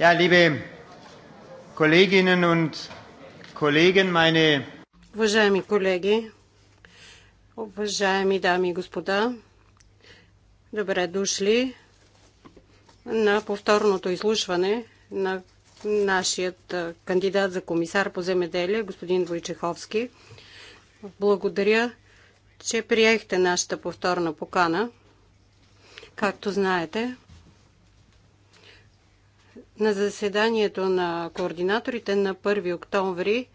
Ja, liebe Kolleginnen und Kollegen, meine Уважаеми колеги, уважаеми дами и господа, добре дошли на повторното изслушване на нашият кандидат за комисар по земеделие, господин Войчеховски. Благодаря, че приехте нашата повторна покана. Както знаете, на заседанието на координаторите на 1 октомври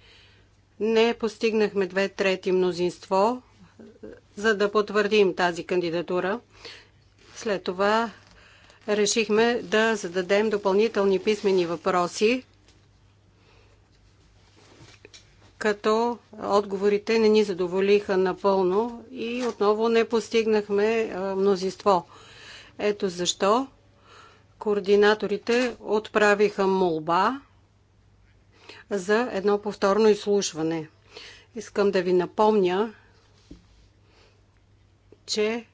не постигнахме две трети мнозинство, за да потвърдим тази кандидатура. След това решихме да зададем допълнителни писмени въпроси, като отговорите не ни задоволиха напълно и отново не постигнахме мнозинство. Ето защо Координаторите отправиха молба за едно повторно изслушване. Искам да ви напомня, че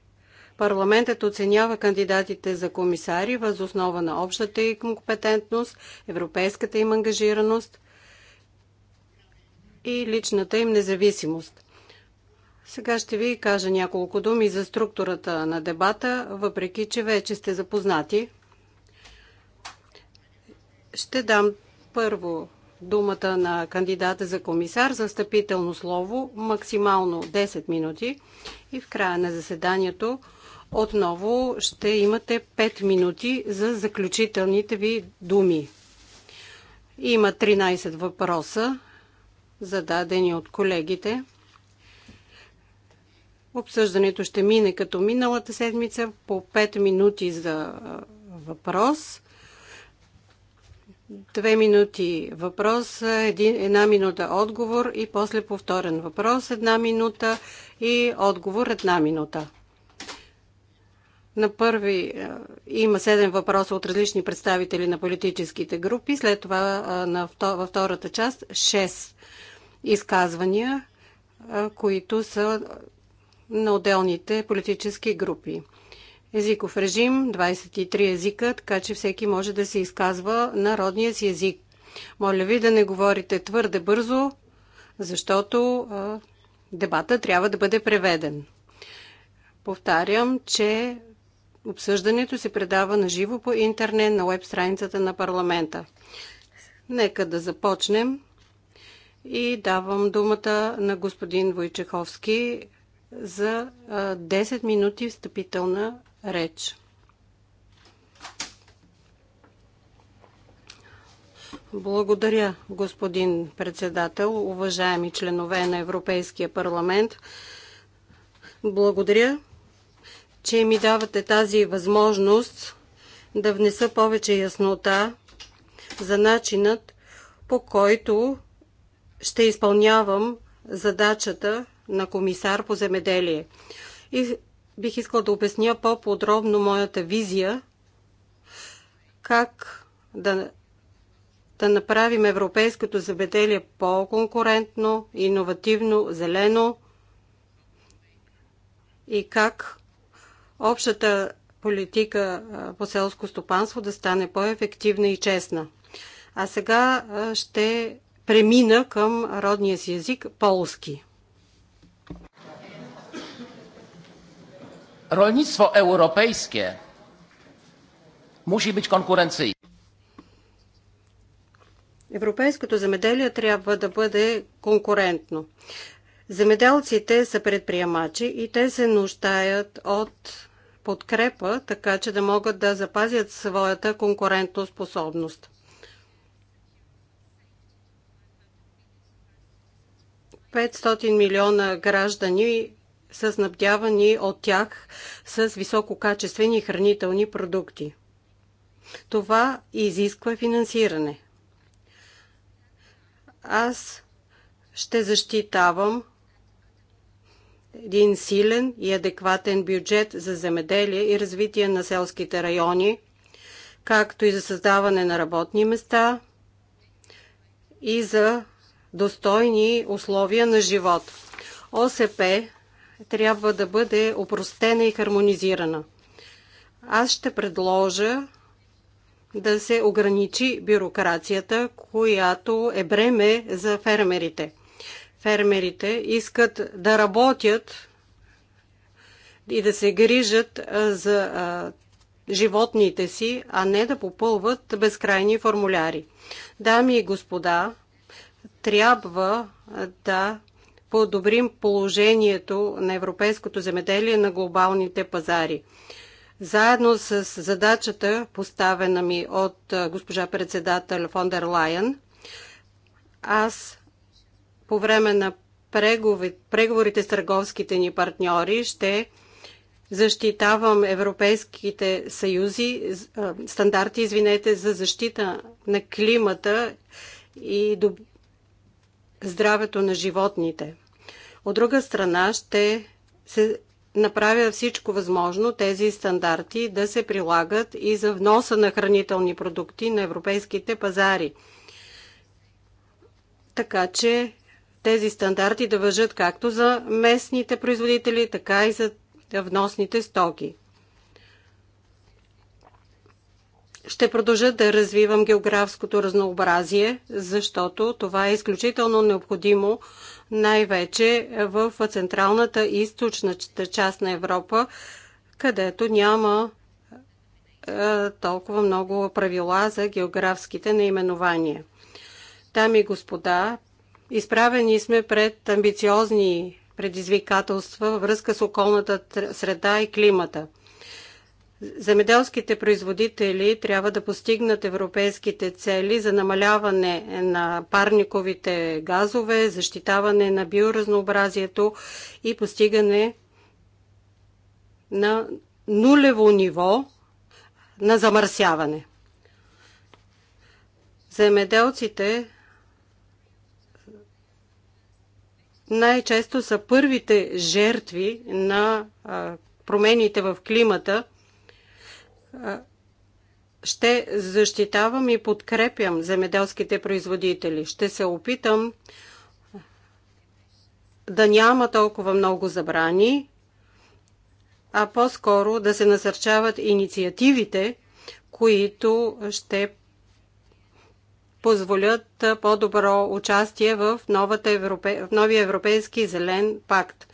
Парламентът оценява кандидатите за комисари въз основа на общата им компетентност, европейската им ангажираност и личната им независимост. Сега ще ви кажа няколко думи за структурата на дебата, въпреки че вече сте запознати. Ще дам първо думата на кандидата за комисар за стъпително слово максимално 10 минути и в края на заседанието отново ще имате 5 минути за заключителните ви думи. Има 13 въпроса, зададени от колегите. Обсъждането ще мине като миналата седмица по 5 минути за въпрос Две минути въпрос, един, една минута отговор и после повторен въпрос, една минута и отговор, една минута. На първи е, има седем въпроса от различни представители на политическите групи, след това е, на, във втората част шест изказвания, е, които са на отделните политически групи езиков режим, 23 езика, така че всеки може да се изказва на родния си език. Моля ви да не говорите твърде бързо, защото а, дебата трябва да бъде преведен. Повтарям, че обсъждането се предава на живо по интернет на веб страницата на парламента. Нека да започнем и давам думата на господин Войчеховски за 10 минути встъпителна реч. Благодаря, господин председател, уважаеми членове на Европейския парламент. Благодаря, че ми давате тази възможност да внеса повече яснота за начинът по който ще изпълнявам задачата на комисар по земеделие. И бих искала да обясня по-подробно моята визия как да, да направим европейското забеделие по-конкурентно, иновативно, зелено и как общата политика по селско стопанство да стане по-ефективна и честна. А сега ще премина към родния си език полски. Rolnictwo europejskie musi być konkurencyjne. Европейското земеделие трябва да бъде конкурентно. Земеделците са предприемачи и те се нуждаят от подкрепа, така че да могат да запазят своята конкурентоспособност. способност. 500 милиона граждани са снабдявани от тях с висококачествени хранителни продукти. Това изисква финансиране. Аз ще защитавам един силен и адекватен бюджет за земеделие и развитие на селските райони, както и за създаване на работни места и за достойни условия на живот. ОСП трябва да бъде опростена и хармонизирана. Аз ще предложа да се ограничи бюрокрацията, която е бреме за фермерите. Фермерите искат да работят и да се грижат за животните си, а не да попълват безкрайни формуляри. Дами и господа, трябва да подобрим положението на европейското земеделие на глобалните пазари. Заедно с задачата, поставена ми от госпожа председател Фондер Лайен, аз по време на преговорите с търговските ни партньори ще защитавам европейските съюзи, стандарти, извинете, за защита на климата и здравето на животните. От друга страна ще се направя всичко възможно тези стандарти да се прилагат и за вноса на хранителни продукти на европейските пазари. Така че тези стандарти да въжат както за местните производители, така и за вносните стоки. Ще продължа да развивам географското разнообразие, защото това е изключително необходимо най-вече в централната и източната част на Европа, където няма е, толкова много правила за географските наименования. Дами и господа, изправени сме пред амбициозни предизвикателства във връзка с околната среда и климата – Земеделските производители трябва да постигнат европейските цели за намаляване на парниковите газове, защитаване на биоразнообразието и постигане на нулево ниво на замърсяване. Земеделците най-често са първите жертви на промените в климата – ще защитавам и подкрепям земеделските производители. Ще се опитам да няма толкова много забрани, а по-скоро да се насърчават инициативите, които ще позволят по-добро участие в, новата европе... в новия европейски зелен пакт.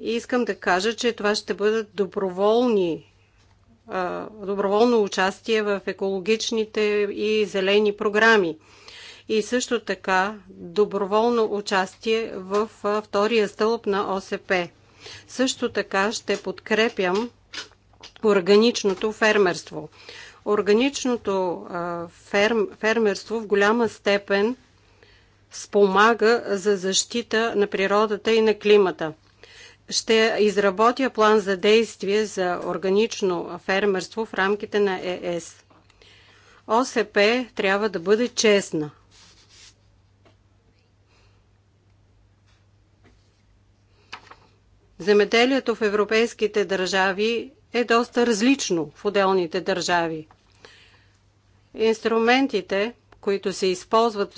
И искам да кажа, че това ще бъдат доброволни доброволно участие в екологичните и зелени програми. И също така доброволно участие в втория стълб на ОСП. Също така ще подкрепям органичното фермерство. Органичното ферм, фермерство в голяма степен спомага за защита на природата и на климата ще изработя план за действие за органично фермерство в рамките на ЕС. ОСП трябва да бъде честна. Земеделието в европейските държави е доста различно в отделните държави. Инструментите, които се използват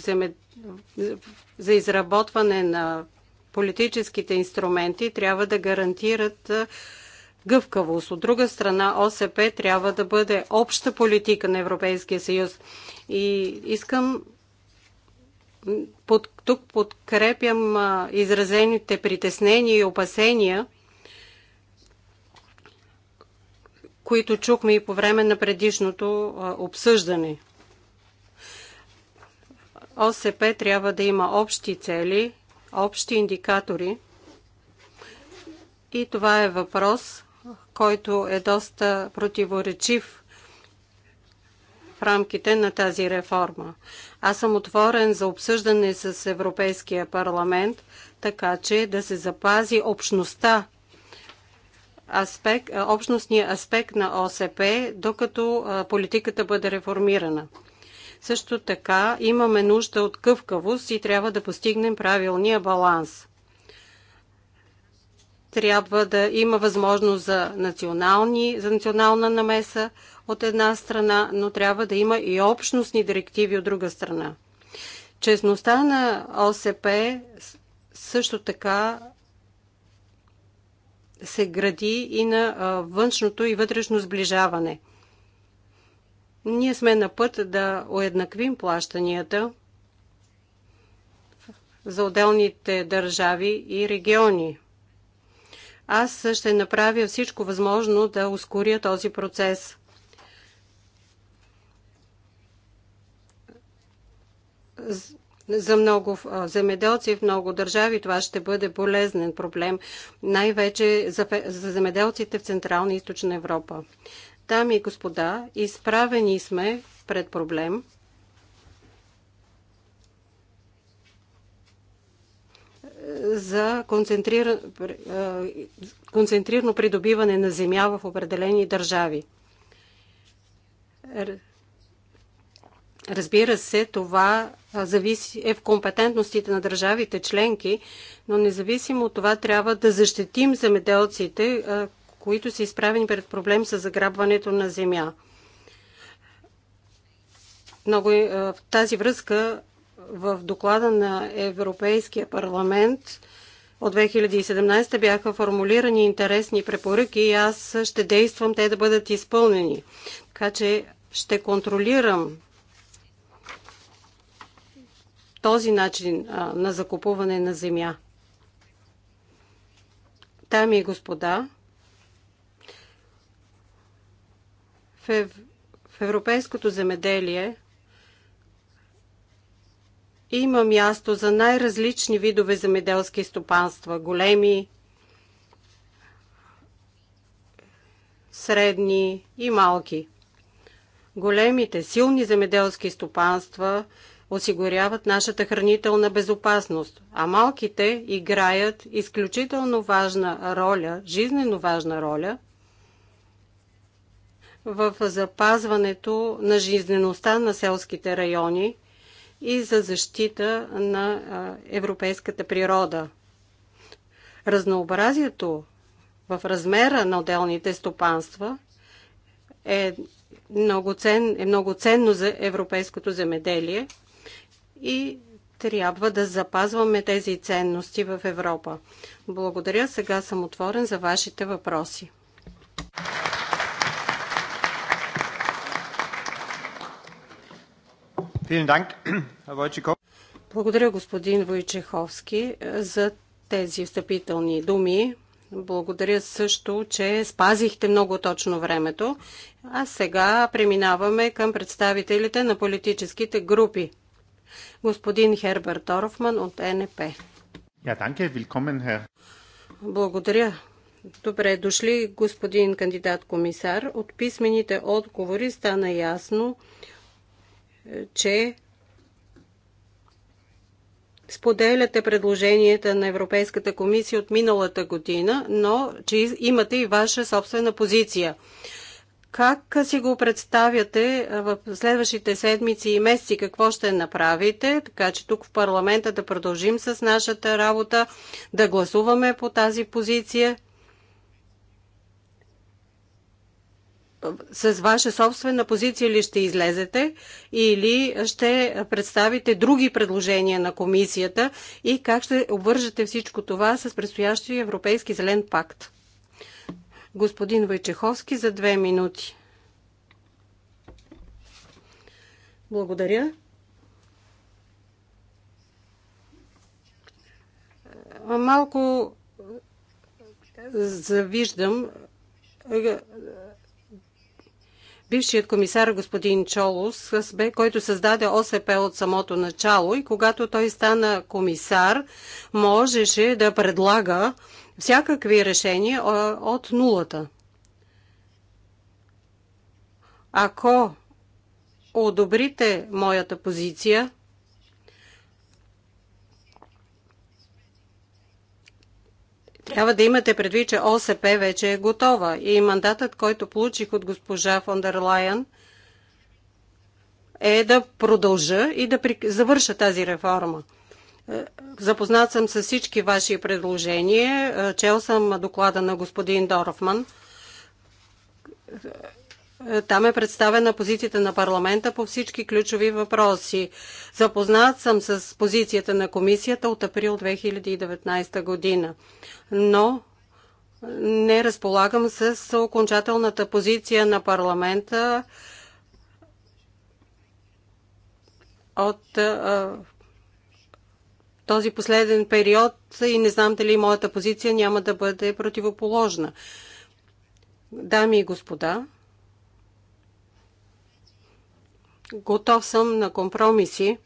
за изработване на политическите инструменти трябва да гарантират гъвкавост. От друга страна, ОСП трябва да бъде обща политика на Европейския съюз. И искам под, тук подкрепям а, изразените притеснения и опасения, които чухме и по време на предишното а, обсъждане. ОСП трябва да има общи цели, общи индикатори. И това е въпрос, който е доста противоречив в рамките на тази реформа. Аз съм отворен за обсъждане с Европейския парламент, така че да се запази общността аспект, общностния аспект на ОСП, докато политиката бъде реформирана. Също така имаме нужда от къвкавост и трябва да постигнем правилния баланс. Трябва да има възможност за, национални, за национална намеса от една страна, но трябва да има и общностни директиви от друга страна. Честността на ОСП също така се гради и на външното и вътрешно сближаване – ние сме на път да уеднаквим плащанията за отделните държави и региони. Аз ще направя всичко възможно да ускоря този процес. За много земеделци в много държави това ще бъде болезнен проблем, най-вече за, за земеделците в Централна и Източна Европа. Дами и господа, изправени сме пред проблем. за концентрирано, концентрирано придобиване на земя в определени държави. Разбира се, това зависи, е в компетентностите на държавите членки, но независимо от това трябва да защитим земеделците, които са изправени пред проблем с заграбването на земя. Много е, в тази връзка в доклада на Европейския парламент от 2017 бяха формулирани интересни препоръки и аз ще действам те да бъдат изпълнени. Така че ще контролирам този начин на закупуване на земя. Дами и господа, В, ев... в европейското земеделие има място за най-различни видове земеделски стопанства. Големи, средни и малки. Големите, силни земеделски стопанства осигуряват нашата хранителна безопасност, а малките играят изключително важна роля, жизненно важна роля – в запазването на жизнеността на селските райони и за защита на европейската природа. Разнообразието в размера на отделните стопанства е много, цен, е много ценно за европейското земеделие и трябва да запазваме тези ценности в Европа. Благодаря, сега съм отворен за вашите въпроси. Благодаря, господин Войчеховски, за тези встъпителни думи. Благодаря също, че спазихте много точно времето. А сега преминаваме към представителите на политическите групи. Господин Херберт Орфман от НП. Благодаря. Добре дошли, господин кандидат комисар. От писмените отговори стана ясно, че споделяте предложенията на Европейската комисия от миналата година, но че имате и ваша собствена позиция. Как си го представяте в следващите седмици и месеци? Какво ще направите? Така че тук в парламента да продължим с нашата работа, да гласуваме по тази позиция с ваша собствена позиция ли ще излезете или ще представите други предложения на комисията и как ще обвържете всичко това с предстоящия Европейски зелен пакт? Господин Вайчеховски за две минути. Благодаря. Малко завиждам бившият комисар господин Чолос, който създаде ОСП от самото начало и когато той стана комисар, можеше да предлага всякакви решения от нулата. Ако одобрите моята позиция, Трябва да имате предвид, че ОСП вече е готова и мандатът, който получих от госпожа Фондер Лайен, е да продължа и да завърша тази реформа. Е, запознат съм с всички ваши предложения. Е, чел съм доклада на господин Дорфман. Е, там е представена позицията на парламента по всички ключови въпроси. Запознат съм с позицията на комисията от април 2019 година, но не разполагам с окончателната позиция на парламента от е, този последен период и не знам дали моята позиция няма да бъде противоположна. Дами и господа, Готов съм на компромиси.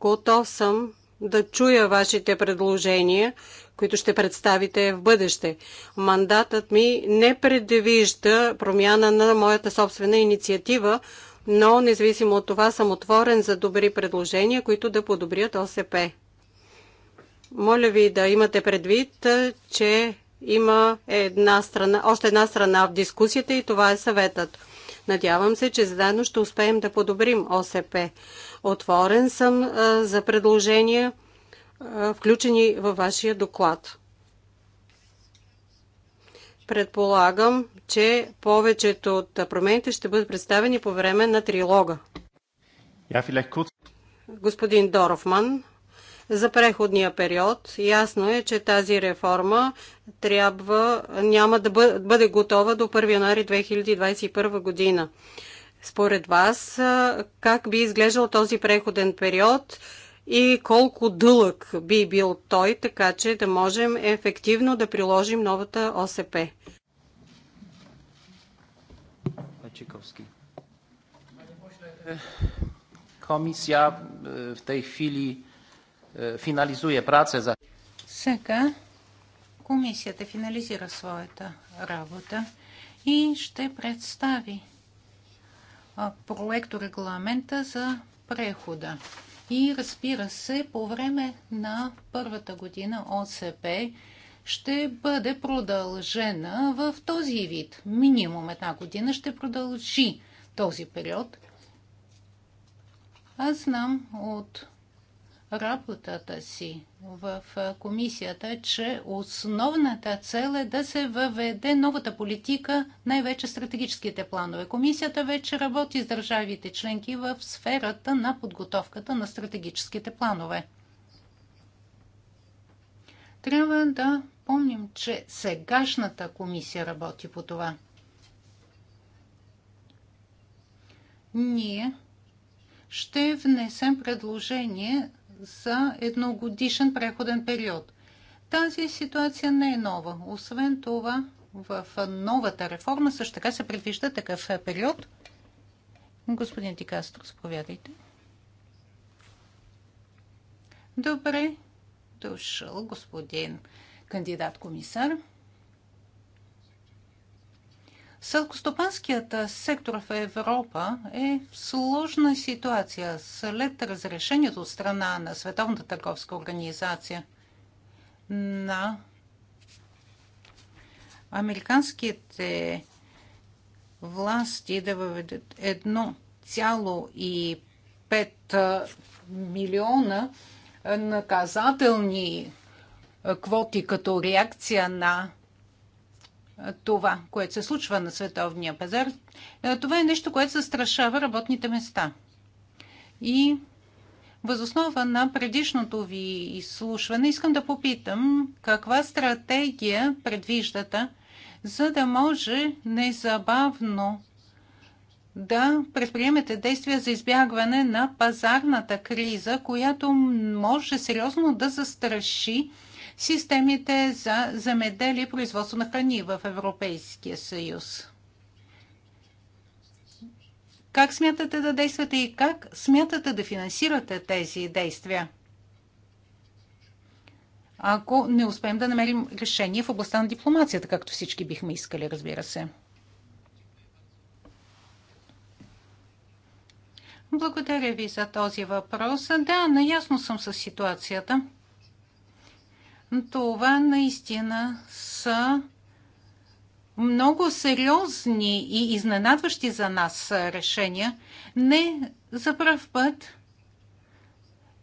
Готов съм да чуя вашите предложения, които ще представите в бъдеще. Мандатът ми не предвижда промяна на моята собствена инициатива, но независимо от това съм отворен за добри предложения, които да подобрят ОСП. Моля ви да имате предвид, че има една страна, още една страна в дискусията и това е съветът. Надявам се, че заедно ще успеем да подобрим ОСП. Отворен съм за предложения, включени във вашия доклад. Предполагам, че повечето от промените ще бъдат представени по време на трилога. Господин Дорфман за преходния период. Ясно е, че тази реформа трябва, няма да бъде готова до 1 януари 2021 година. Според вас, как би изглеждал този преходен период и колко дълъг би бил той, така че да можем ефективно да приложим новата ОСП? Комисия в w tej chwili финализуе праце за... Сега комисията финализира своята работа и ще представи проект регламента за прехода. И разбира се, по време на първата година ОСП ще бъде продължена в този вид. Минимум една година ще продължи този период. Аз знам от работата си в комисията, че основната цел е да се въведе новата политика, най-вече стратегическите планове. Комисията вече работи с държавите членки в сферата на подготовката на стратегическите планове. Трябва да помним, че сегашната комисия работи по това. Ние ще внесем предложение за едногодишен преходен период. Тази ситуация не е нова. Освен това, в новата реформа също така се предвижда такъв период. Господин Тикастро, заповядайте. Добре дошъл, господин кандидат-комисар. Селкостопанският сектор в Европа е в сложна ситуация след разрешението от страна на Световната търговска организация на американските власти да въведат 1,5 милиона наказателни квоти като реакция на е, това, което се случва на световния пазар, е, това е нещо, което застрашава работните места. И възоснова на предишното ви изслушване искам да попитам каква стратегия предвиждата, за да може незабавно да предприемете действия за избягване на пазарната криза, която може сериозно да застраши системите за замеделие и производство на храни в Европейския съюз. Как смятате да действате и как смятате да финансирате тези действия? Ако не успеем да намерим решение в областта на дипломацията, както всички бихме искали, разбира се. Благодаря ви за този въпрос. Да, наясно съм с ситуацията това наистина са много сериозни и изненадващи за нас решения. Не за пръв път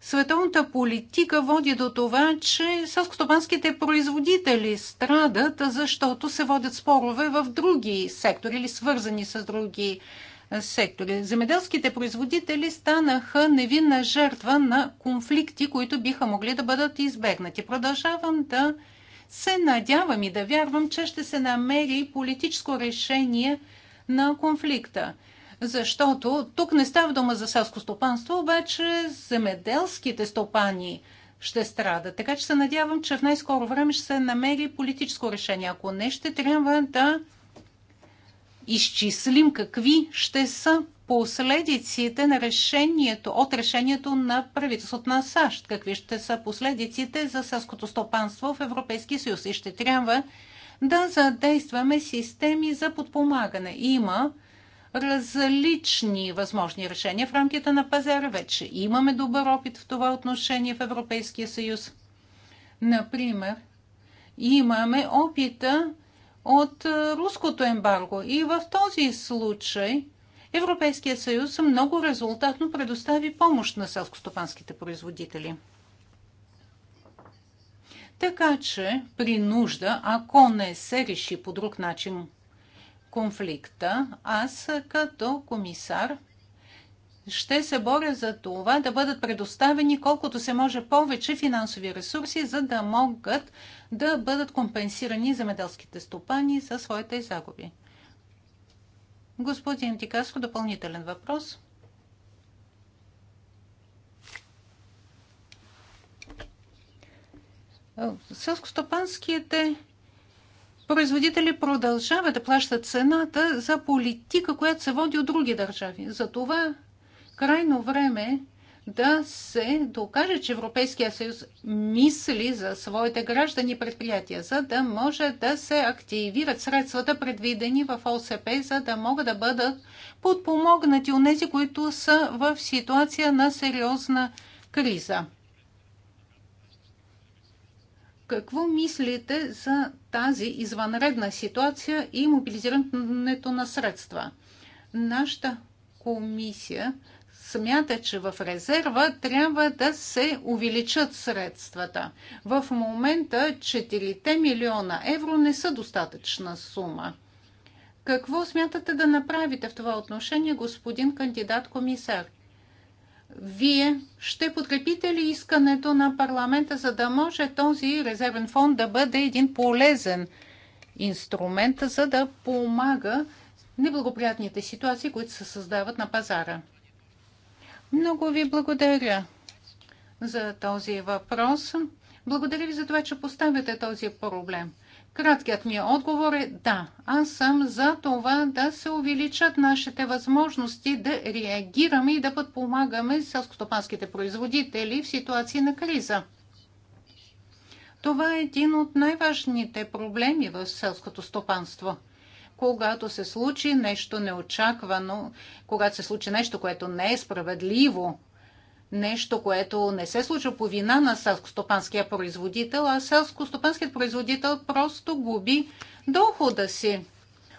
световната политика води до това, че селскостопанските производители страдат, защото се водят спорове в други сектори или свързани с други сектори сектори. Земеделските производители станаха невинна жертва на конфликти, които биха могли да бъдат избегнати. Продължавам да се надявам и да вярвам, че ще се намери политическо решение на конфликта. Защото тук не става дума за селско стопанство, обаче земеделските стопани ще страдат. Така че се надявам, че в най-скоро време ще се намери политическо решение. Ако не, ще трябва да изчислим какви ще са последиците на решението, от решението на правителството на САЩ. Какви ще са последиците за селското стопанство в Европейския съюз. И ще трябва да задействаме системи за подпомагане. Има различни възможни решения в рамките на пазара. Вече имаме добър опит в това отношение в Европейския съюз. Например, имаме опита от е, руското ембарго. И в този случай Европейския съюз много резултатно предостави помощ на селскостопанските производители. Така че при нужда, ако не се реши по друг начин конфликта, аз като комисар ще се боря за това да бъдат предоставени колкото се може повече финансови ресурси, за да могат да бъдат компенсирани земеделските стопани за своите загуби. Господин Тикаско, допълнителен въпрос. Селскостопанските производители продължават да плащат цената за политика, която се води от други държави. За това крайно време да се докаже, че Европейския съюз мисли за своите граждани и предприятия, за да може да се активират средствата, предвидени в ОСП, за да могат да бъдат подпомогнати от тези, които са в ситуация на сериозна криза. Какво мислите за тази извънредна ситуация и мобилизирането на средства? Нашата комисия смята, че в резерва трябва да се увеличат средствата. В момента 4 милиона евро не са достатъчна сума. Какво смятате да направите в това отношение, господин кандидат комисар? Вие ще подкрепите ли искането на парламента, за да може този резервен фонд да бъде един полезен инструмент, за да помага неблагоприятните ситуации, които се създават на пазара? Много ви благодаря за този въпрос. Благодаря ви за това, че поставяте този проблем. Краткият ми отговор е да. Аз съм за това да се увеличат нашите възможности да реагираме и да подпомагаме селскостопанските производители в ситуации на криза. Това е един от най-важните проблеми в селското стопанство – когато се случи нещо неочаквано, когато се случи нещо, което не е справедливо, нещо, което не се случва по вина на селскостопанския производител, а селскостопанският производител просто губи дохода си.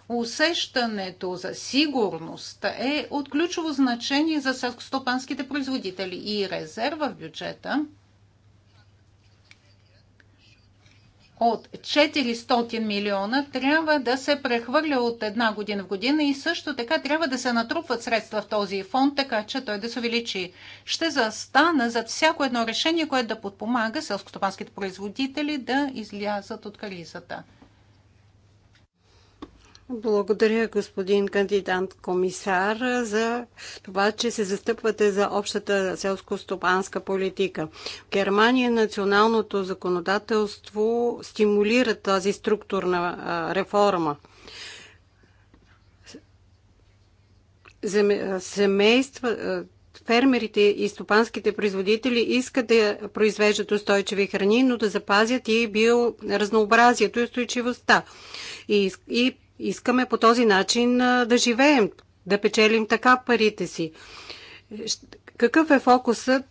Усещането за сигурност е от ключово значение за селскостопанските производители и резерва в бюджета – от 400 милиона трябва да се прехвърля от една година в година и също така трябва да се натрупват средства в този фонд, така че той да се увеличи. Ще застана зад всяко едно решение, което да подпомага селскостопанските производители да излязат от кризата. Благодаря, господин кандидат комисар, за това, че се застъпвате за общата селско-стопанска политика. В Германия националното законодателство стимулира тази структурна реформа. Семейства, фермерите и стопанските производители искат да произвеждат устойчиви храни, но да запазят и биоразнообразието и устойчивостта. И, и Искаме по този начин да живеем, да печелим така парите си. Какъв е фокусът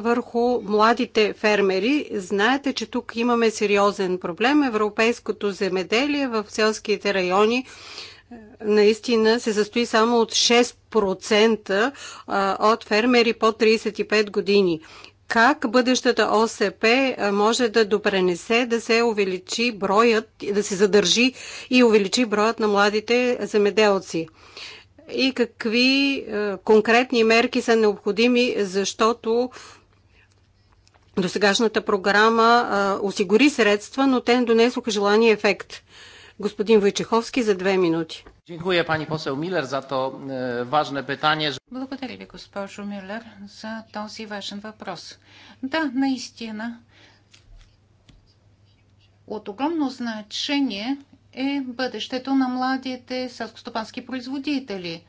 върху младите фермери? Знаете, че тук имаме сериозен проблем. Европейското земеделие в селските райони наистина се състои само от 6% от фермери по 35 години как бъдещата ОСП може да допренесе да се увеличи броят, да се задържи и увеличи броят на младите земеделци. И какви конкретни мерки са необходими, защото досегашната програма осигури средства, но те не донесоха желания ефект. Господин Войчеховски за две минути. Dziękuję pani poseł Miller za to e, ważne pytanie. Благодаря ви, госпожо Милер, за този важен въпрос. Да, наистина, от огромно значение е бъдещето на младите селскостопански производители.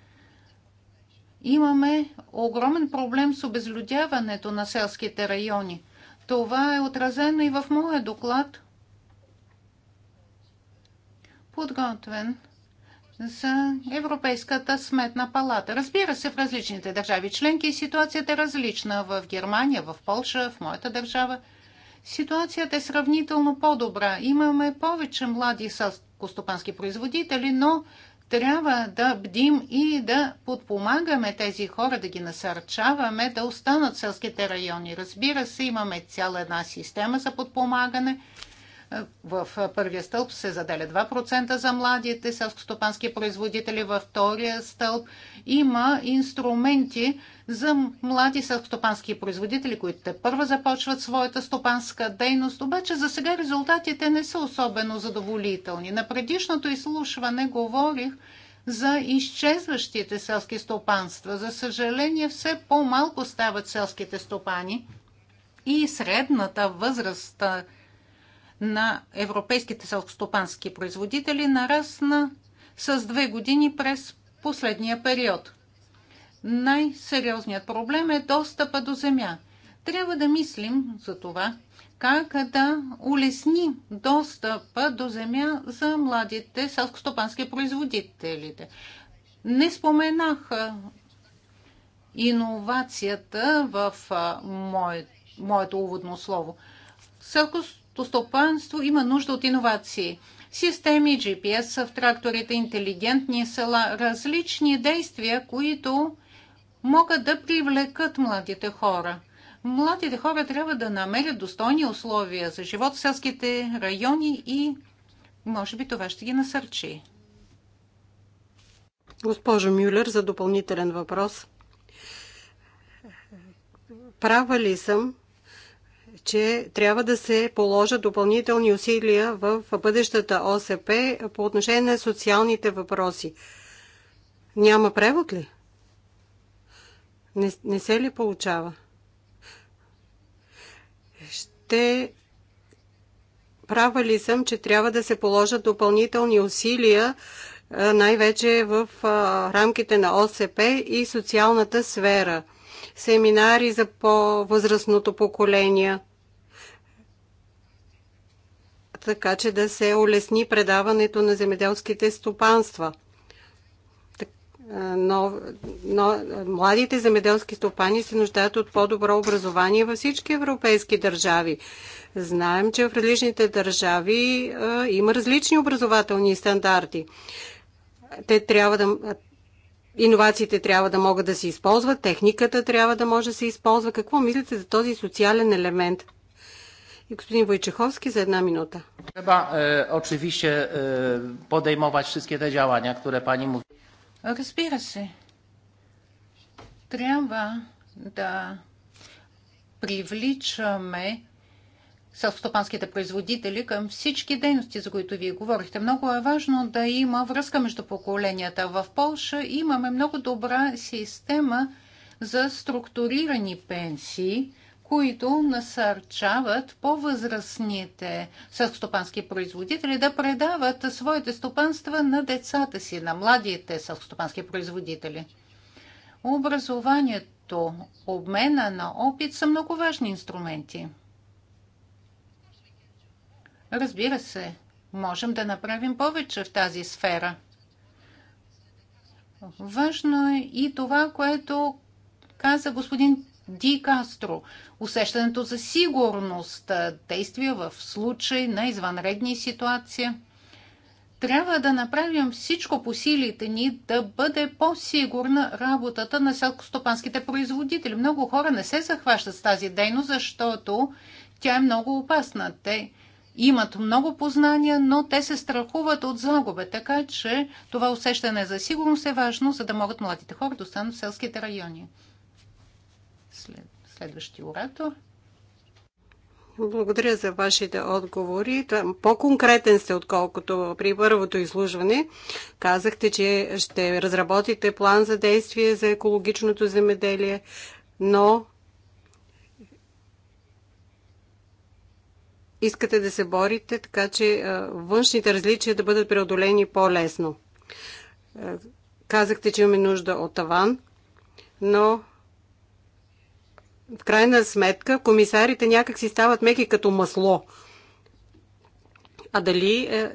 Имаме огромен проблем с обезлюдяването на селските райони. Това е отразено и в моя доклад, подготвен за Европейската сметна палата. Разбира се, в различните държави членки ситуацията е различна. В Германия, в Польша, в моята държава ситуацията е сравнително по-добра. Имаме повече млади селскостопански производители, но трябва да бдим и да подпомагаме тези хора, да ги насърчаваме да останат в селските райони. Разбира се, имаме цяла една система за подпомагане – в първия стълб се заделя 2% за младите селскостопански производители. Във втория стълб има инструменти за млади селскостопански производители, които те първо започват своята стопанска дейност. Обаче за сега резултатите не са особено задоволителни. На предишното изслушване говорих за изчезващите селски стопанства. За съжаление, все по-малко стават селските стопани и средната възраст на европейските селскостопански производители нарасна с две години през последния период. Най-сериозният проблем е достъпа до земя. Трябва да мислим за това как да улесни достъпа до земя за младите селскостопански производителите. Не споменах иновацията в моето, моето уводно слово. Селкост стопанство има нужда от иновации. Системи, GPS в тракторите, интелигентни села, различни действия, които могат да привлекат младите хора. Младите хора трябва да намерят достойни условия за живот в селските райони и може би това ще ги насърчи. Госпожо Мюлер, за допълнителен въпрос. Права ли съм, че трябва да се положат допълнителни усилия в бъдещата ОСП по отношение на социалните въпроси. Няма превод ли? Не, не се ли получава? Ще права ли съм, че трябва да се положат допълнителни усилия най-вече в рамките на ОСП и социалната сфера – семинари за по-възрастното поколение – така че да се улесни предаването на земеделските стопанства. Но, но младите земеделски стопани се нуждаят от по-добро образование във всички европейски държави. Знаем, че в различните държави а, има различни образователни стандарти. Те трябва да. Иновациите трябва да могат да се използват, техниката трябва да може да се използва. Какво мислите за този социален елемент? и господин e, e, działania, Разбира се. Трябва да привличаме селскостопанските производители към всички дейности, за които вие говорихте. Много е важно да има връзка между поколенията. В Польша имаме много добра система за структурирани пенсии – които насърчават по-възрастните селскостопански производители да предават своите стопанства на децата си, на младите селскостопански производители. Образованието, обмена на опит са много важни инструменти. Разбира се, можем да направим повече в тази сфера. Важно е и това, което каза господин Ди Кастро. Усещането за сигурност, действия в случай на извънредни ситуации. Трябва да направим всичко по силите ни да бъде по-сигурна работата на селкостопанските производители. Много хора не се захващат с тази дейност, защото тя е много опасна. Те имат много познания, но те се страхуват от загуба. Така че това усещане за сигурност е важно, за да могат младите хора да останат в селските райони. След, следващия оратор. Благодаря за вашите отговори. По-конкретен сте, отколкото при първото изслужване. Казахте, че ще разработите план за действие за екологичното земеделие, но искате да се борите, така че външните различия да бъдат преодолени по-лесно. Казахте, че имаме нужда от таван, но в крайна сметка комисарите някак си стават меки като масло. А дали е,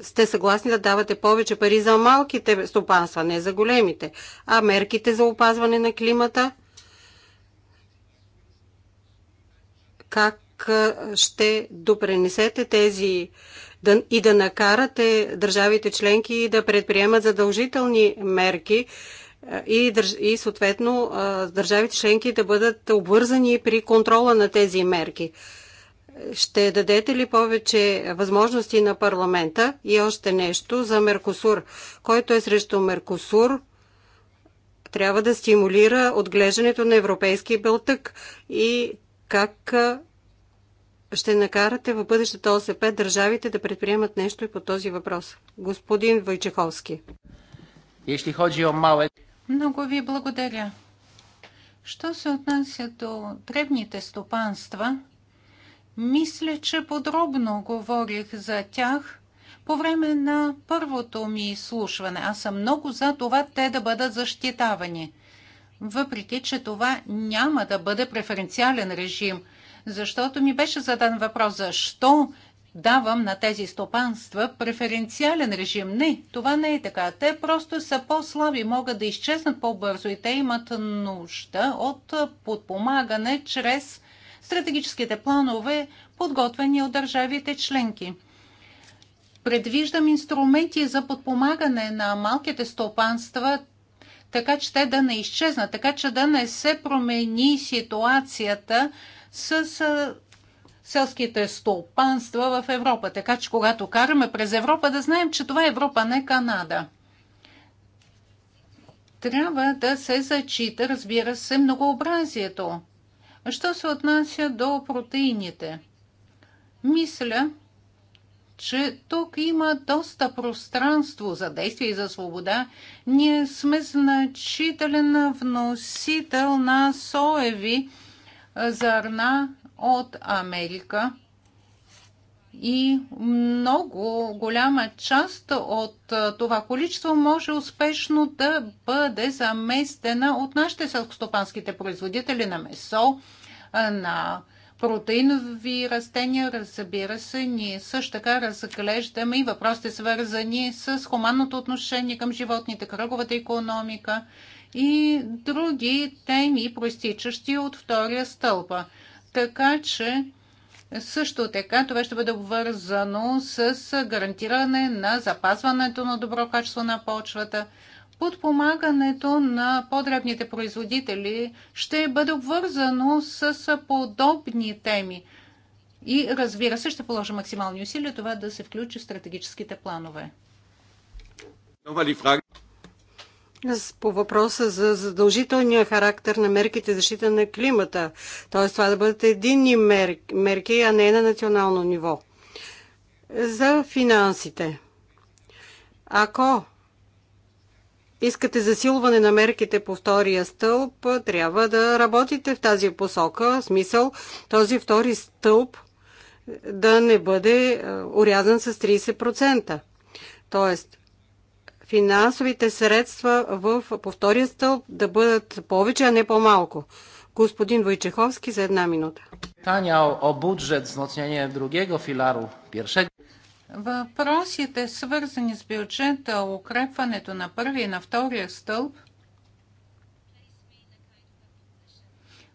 сте съгласни да давате повече пари за малките стопанства, не за големите, а мерките за опазване на климата? Как е, ще допренесете тези да, и да накарате държавите членки да предприемат задължителни мерки, и, и съответно държавите членки да бъдат обвързани при контрола на тези мерки. Ще дадете ли повече възможности на парламента и още нещо за Меркосур? Който е срещу Меркосур, трябва да стимулира отглеждането на европейски бълтък и как ще накарате в бъдещата ОСП държавите да предприемат нещо и по този въпрос. Господин Войчеховски. ще chodzi о малък. Много ви благодаря. Що се отнася до древните стопанства, мисля, че подробно говорих за тях по време на първото ми изслушване. Аз съм много за това те да бъдат защитавани. Въпреки, че това няма да бъде преференциален режим, защото ми беше задан въпрос защо давам на тези стопанства преференциален режим. Не, това не е така. Те просто са по-слаби, могат да изчезнат по-бързо и те имат нужда от подпомагане чрез стратегическите планове, подготвени от държавите членки. Предвиждам инструменти за подпомагане на малките стопанства, така че те да не изчезнат, така че да не се промени ситуацията с селските стопанства в Европа. Така че когато караме през Европа, да знаем, че това е Европа, не Канада. Трябва да се зачита, разбира се, многообразието. Що се отнася до протеините? Мисля, че тук има доста пространство за действие и за свобода. Ние сме значителен вносител на соеви зърна от Америка и много голяма част от това количество може успешно да бъде заместена от нашите селскостопанските производители на месо, на протеинови растения, разбира се, ние също така разглеждаме и въпросите свързани с хуманното отношение към животните, кръговата економика и други теми, проистичащи от втория стълба. Така че също така това ще бъде обвързано с гарантиране на запазването на добро качество на почвата. Подпомагането на подребните производители ще бъде обвързано с подобни теми. И разбира се, ще положа максимални усилия това да се включи в стратегическите планове по въпроса за задължителния характер на мерките за защита на климата. Т.е. това да бъдат единни мерки, а не на национално ниво. За финансите. Ако искате засилване на мерките по втория стълб, трябва да работите в тази посока. В смисъл, този втори стълб да не бъде урязан е, с 30%. Тоест, финансовите средства в повтория стълб да бъдат повече, а не по-малко. Господин Войчеховски за една минута. Таня о бюджет, значение другия филару, пиршег. Въпросите, свързани с бюджета, укрепването на първи и на втория стълб,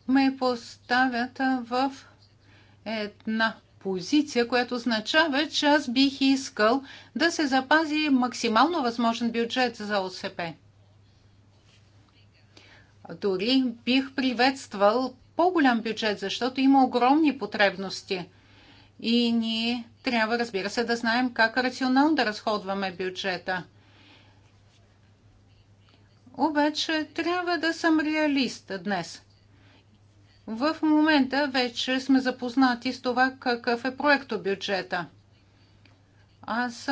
ме поставят в една позиция, която означава, че аз бих искал да се запази максимално възможен бюджет за ОСП. Дори бих приветствал по-голям бюджет, защото има огромни потребности. И ние трябва, разбира се, да знаем как рационално да разходваме бюджета. Обаче трябва да съм реалист днес – в момента вече сме запознати с това какъв е проекто бюджета. Аз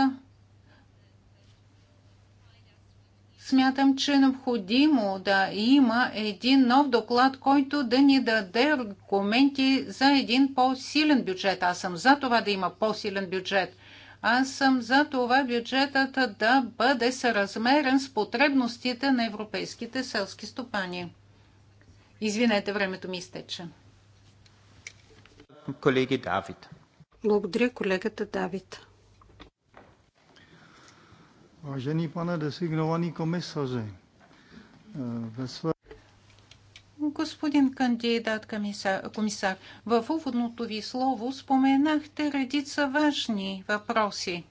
смятам, че е необходимо да има един нов доклад, който да ни даде аргументи за един по-силен бюджет. Аз съм за това да има по-силен бюджет. Аз съм за това бюджетът да бъде съразмерен с потребностите на европейските селски стопани. Извинете, времето ми изтеча. Колеги Давид. Благодаря, колегата Давид. Vážený pane designovaný komisaři, eh, ve své... Господин кандидат комисар, комисар, в уводното ви слово споменахте редица важни въпроси.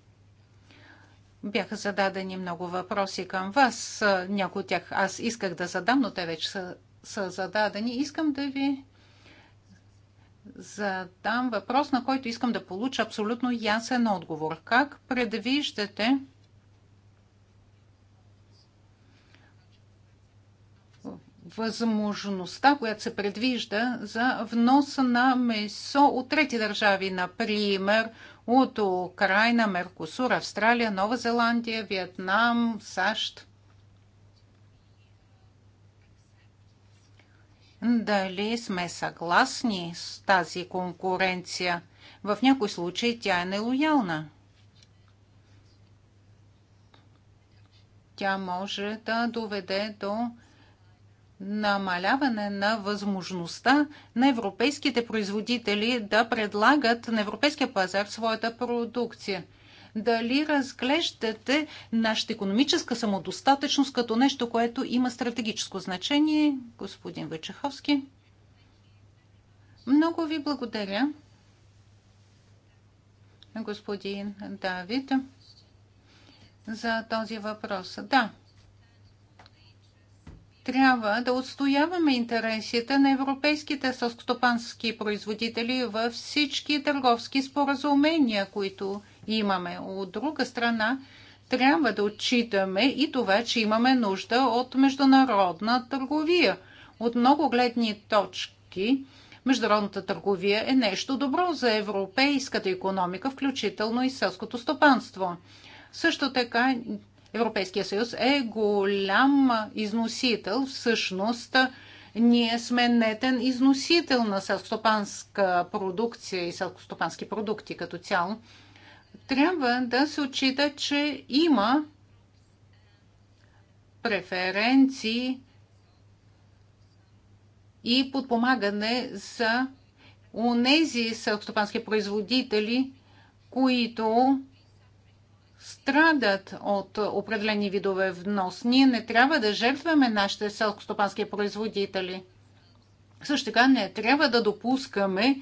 Бяха зададени много въпроси към вас. Някои от тях аз исках да задам, но те вече са са зададени, искам да ви задам въпрос, на който искам да получа абсолютно ясен отговор. Как предвиждате възможността, която се предвижда за внос на месо от трети държави, например от Украина, Меркосур, Австралия, Нова Зеландия, Виетнам, САЩ? дали сме съгласни с тази конкуренция. В някой случай тя е нелоялна. Тя може да доведе до намаляване на възможността на европейските производители да предлагат на европейския пазар своята продукция дали разглеждате нашата економическа самодостатъчност като нещо, което има стратегическо значение, господин Вечеховски? Много ви благодаря, господин Давид, за този въпрос. Да, трябва да отстояваме интересите на европейските селскостопански производители във всички търговски споразумения, които имаме. От друга страна, трябва да отчитаме и това, че имаме нужда от международна търговия. От много гледни точки, международната търговия е нещо добро за европейската економика, включително и селското стопанство. Също така, Европейския съюз е голям износител, всъщност ние сме нетен износител на селскостопанска продукция и селскостопански продукти като цяло трябва да се отчита, че има преференции и подпомагане за унези селскостопански производители, които страдат от определени видове внос. Ние не трябва да жертваме нашите селскостопански производители. Също така не трябва да допускаме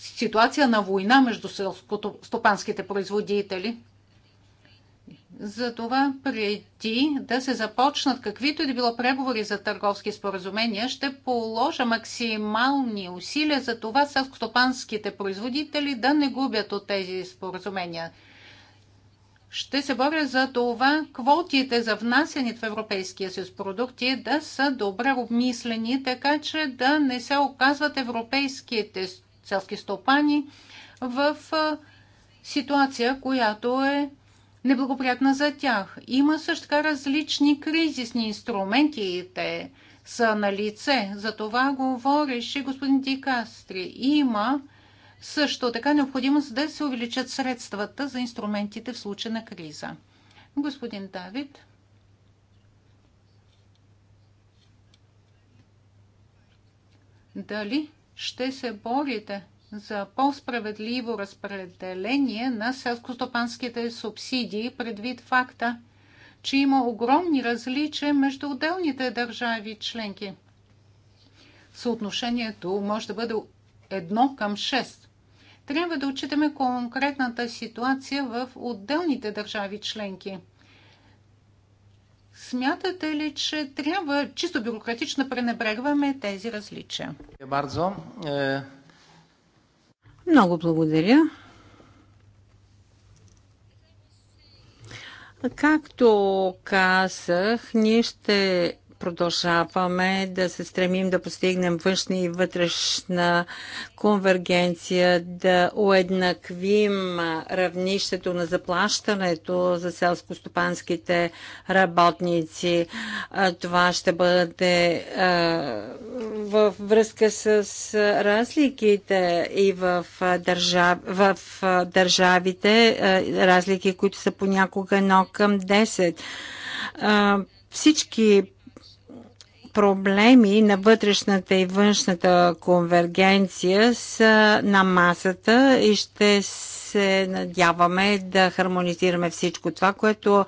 ситуация на война между селскостопанските производители. Затова преди да се започнат каквито и да било преговори за търговски споразумения, ще положа максимални усилия за това селскостопанските производители да не губят от тези споразумения. Ще се боря за това квотите за внасяни в Европейския съюз продукти да са добре обмислени, така че да не се оказват европейските селски стопани в ситуация, която е неблагоприятна за тях. Има също така различни кризисни инструменти, те са на лице. За това говореше господин Дикастри. Има също така необходимост да се увеличат средствата за инструментите в случай на криза. Господин Давид. Дали ще се борите за по-справедливо разпределение на селскостопанските субсидии предвид факта, че има огромни различия между отделните държави членки. Съотношението може да бъде 1 към 6. Трябва да отчитаме конкретната ситуация в отделните държави членки – Смятате ли, че трябва чисто бюрократично пренебрегваме тези различия? Е, е, Много благодаря. Както казах, ние ще продължаваме да се стремим да постигнем външна и вътрешна конвергенция, да уеднаквим равнището на заплащането за селско-стопанските работници. Това ще бъде във връзка с разликите и в, държав... в държавите, разлики, които са понякога 1 към 10 всички проблеми на вътрешната и външната конвергенция са на масата и ще се надяваме да хармонизираме всичко това, което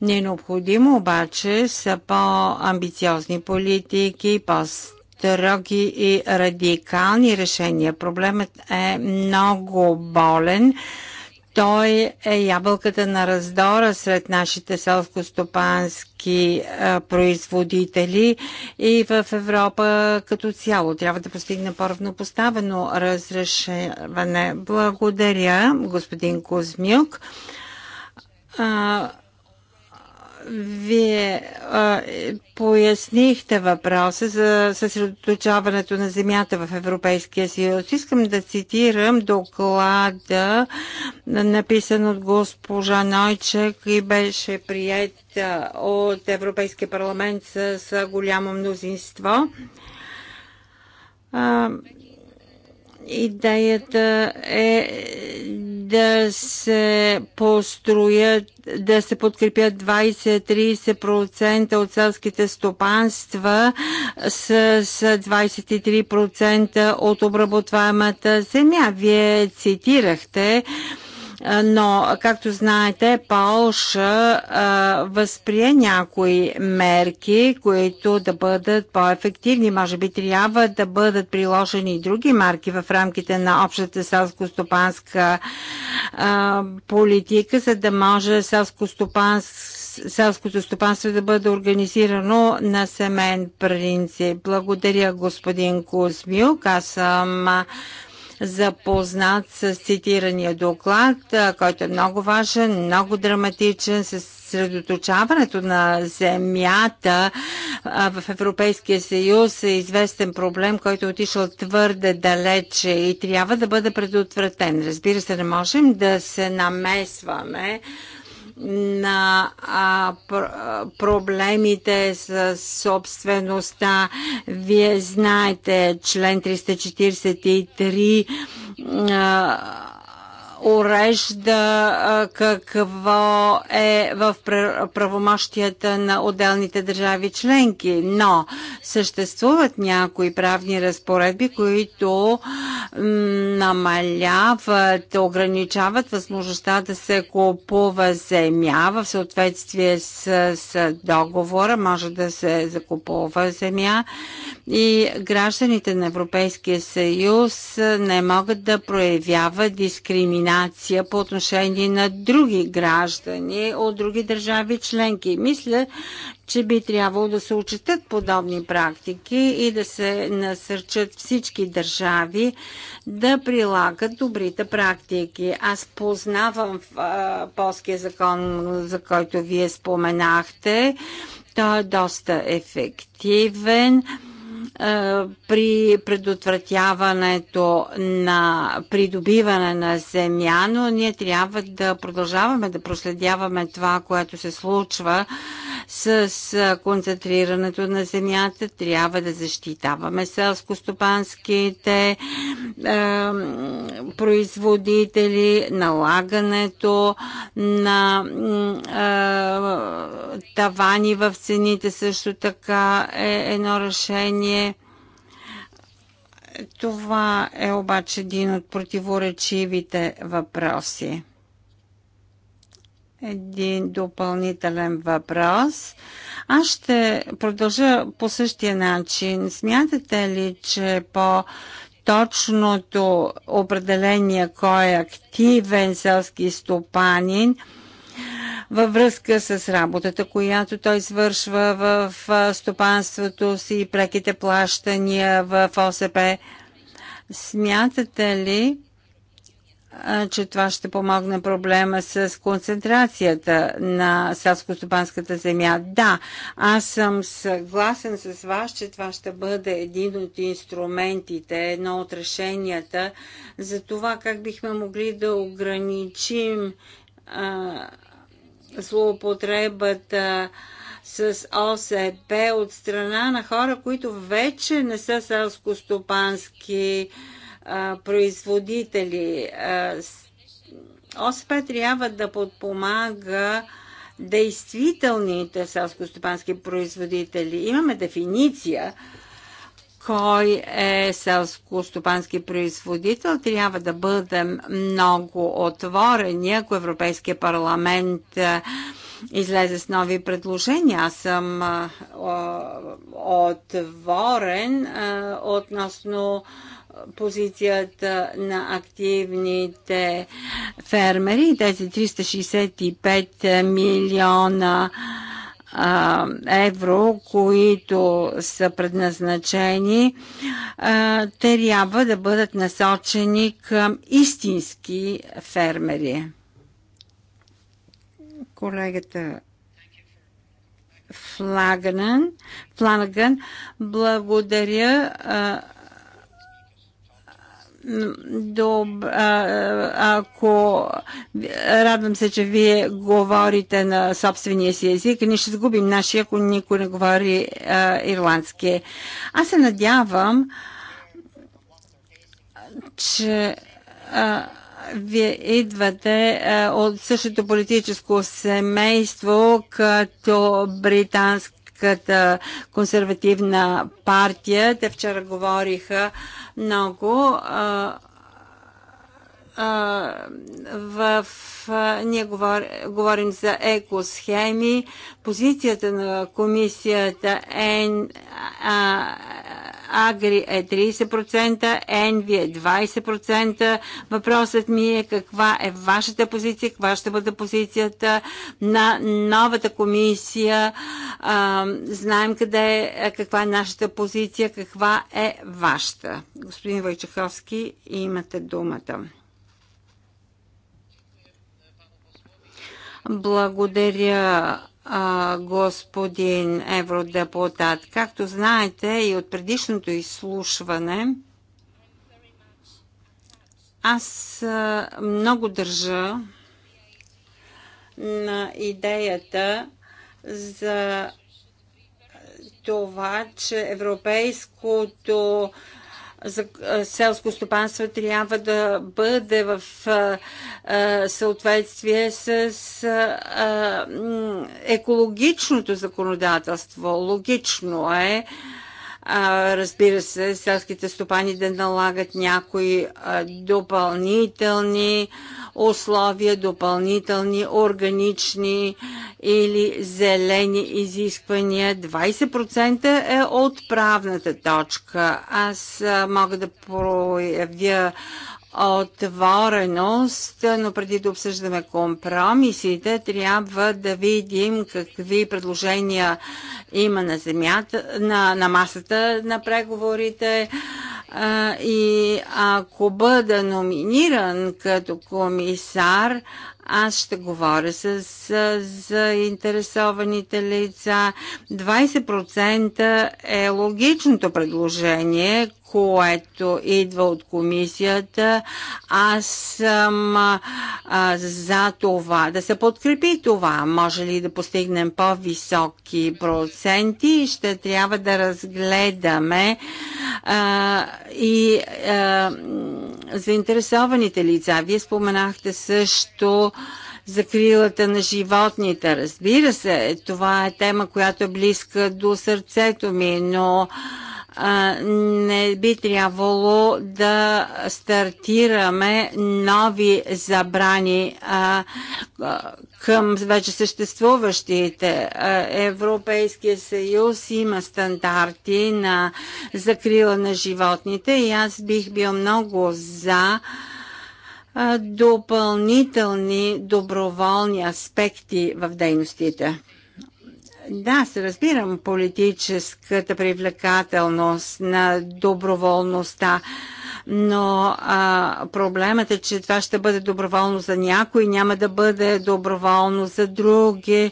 не е необходимо, обаче са по-амбициозни политики, по-строги и радикални решения. Проблемът е много болен той е ябълката на раздора сред нашите селскостопански производители и в Европа като цяло. Трябва да постигне по-равнопоставено разрешаване. Благодаря, господин Козмюк. Вие а, пояснихте въпроса за съсредоточаването на земята в Европейския съюз. Искам да цитирам доклада, написан от госпожа Нойчек и беше прият от Европейския парламент с, голямо мнозинство. А, Идеята е да се построят, да се подкрепят 20-30% от селските стопанства с 23% от обработваемата земя. Вие цитирахте но, както знаете, Палш възприе някои мерки, които да бъдат по-ефективни. Може би трябва да бъдат приложени и други марки в рамките на общата селско-стопанска политика, за да може селското стопанство да бъде организирано на семен принцип. Благодаря, господин Кузмюк. Аз съм запознат с цитирания доклад, който е много важен, много драматичен, с средоточаването на земята в Европейския съюз е известен проблем, който е отишъл твърде далече и трябва да бъде предотвратен. Разбира се, не можем да се намесваме на а, пр- проблемите с собствеността. Вие знаете член 343 а, урежда какво е в правомощията на отделните държави членки, но съществуват някои правни разпоредби, които намаляват, ограничават възможността да се купува земя в съответствие с, с договора, може да се закупува земя и гражданите на Европейския съюз не могат да проявяват дискриминация по отношение на други граждани от други държави членки. Мисля, че би трябвало да се учетат подобни практики и да се насърчат всички държави да прилагат добрите практики. Аз познавам а, полския закон, за който вие споменахте. Той е доста ефективен е, при предотвратяването на придобиване на земя, но ние трябва да продължаваме да проследяваме това, което се случва с концентрирането на земята. Трябва да защитаваме селско-стопанските производители, налагането на тавани в цените също така е едно решение. Това е обаче един от противоречивите въпроси един допълнителен въпрос. Аз ще продължа по същия начин. Смятате ли, че по точното определение кой е активен селски стопанин във връзка с работата, която той свършва в стопанството си и преките плащания в ОСП? Смятате ли, че това ще помогне проблема с концентрацията на селско-стопанската земя. Да, аз съм съгласен с вас, че това ще бъде един от инструментите, едно от решенията за това как бихме могли да ограничим а, злоупотребата с ОСП от страна на хора, които вече не са селско-стопански а, производители. ОСП трябва да подпомага действителните селско-стопански производители. Имаме дефиниция кой е селско-стопански производител, трябва да бъдем много отворени, ако Европейския парламент излезе с нови предложения. Аз съм отворен относно позицията на активните фермери, тези 365 милиона евро, които са предназначени, трябва да бъдат насочени към истински фермери. Колегата Флаган, Флаган благодаря Доб, ако радвам се, че вие говорите на собствения си език, ние ще загубим нашия, ако никой не говори а, ирландски. Аз се надявам, че а, вие идвате от същото политическо семейство като британск, Българската консервативна партия. Те вчера говориха много. в, ние говор, говорим за екосхеми. Позицията на комисията е Агри е 30%, Енви е 20%. Въпросът ми е каква е вашата позиция, каква ще бъде позицията на новата комисия. А, знаем къде е, каква е нашата позиция, каква е вашата. Господин Войчаховски, имате думата. Благодаря, господин евродепутат. Както знаете и от предишното изслушване, аз много държа на идеята за това, че европейското за селско стопанство трябва да бъде в съответствие с екологичното законодателство. Логично е а, разбира се, селските стопани да налагат някои а, допълнителни условия, допълнителни органични или зелени изисквания. 20% е от правната точка. Аз а, мога да проявя отвореност, но преди да обсъждаме компромисите, трябва да видим какви предложения има на земята, на, на масата на преговорите. и ако бъда номиниран като комисар, аз ще говоря с, с заинтересованите лица. 20% е логичното предложение, което идва от комисията. Аз съм а, за това да се подкрепи това. Може ли да постигнем по-високи проценти? Ще трябва да разгледаме а, и а, заинтересованите лица. Вие споменахте също закрилата на животните. Разбира се, това е тема, която е близка до сърцето ми, но а, не би трябвало да стартираме нови забрани към вече съществуващите. Европейския съюз има стандарти на закрила на животните и аз бих бил много за допълнителни доброволни аспекти в дейностите. Да, се разбирам политическата привлекателност на доброволността, но а, проблемът е, че това ще бъде доброволно за някой, няма да бъде доброволно за други.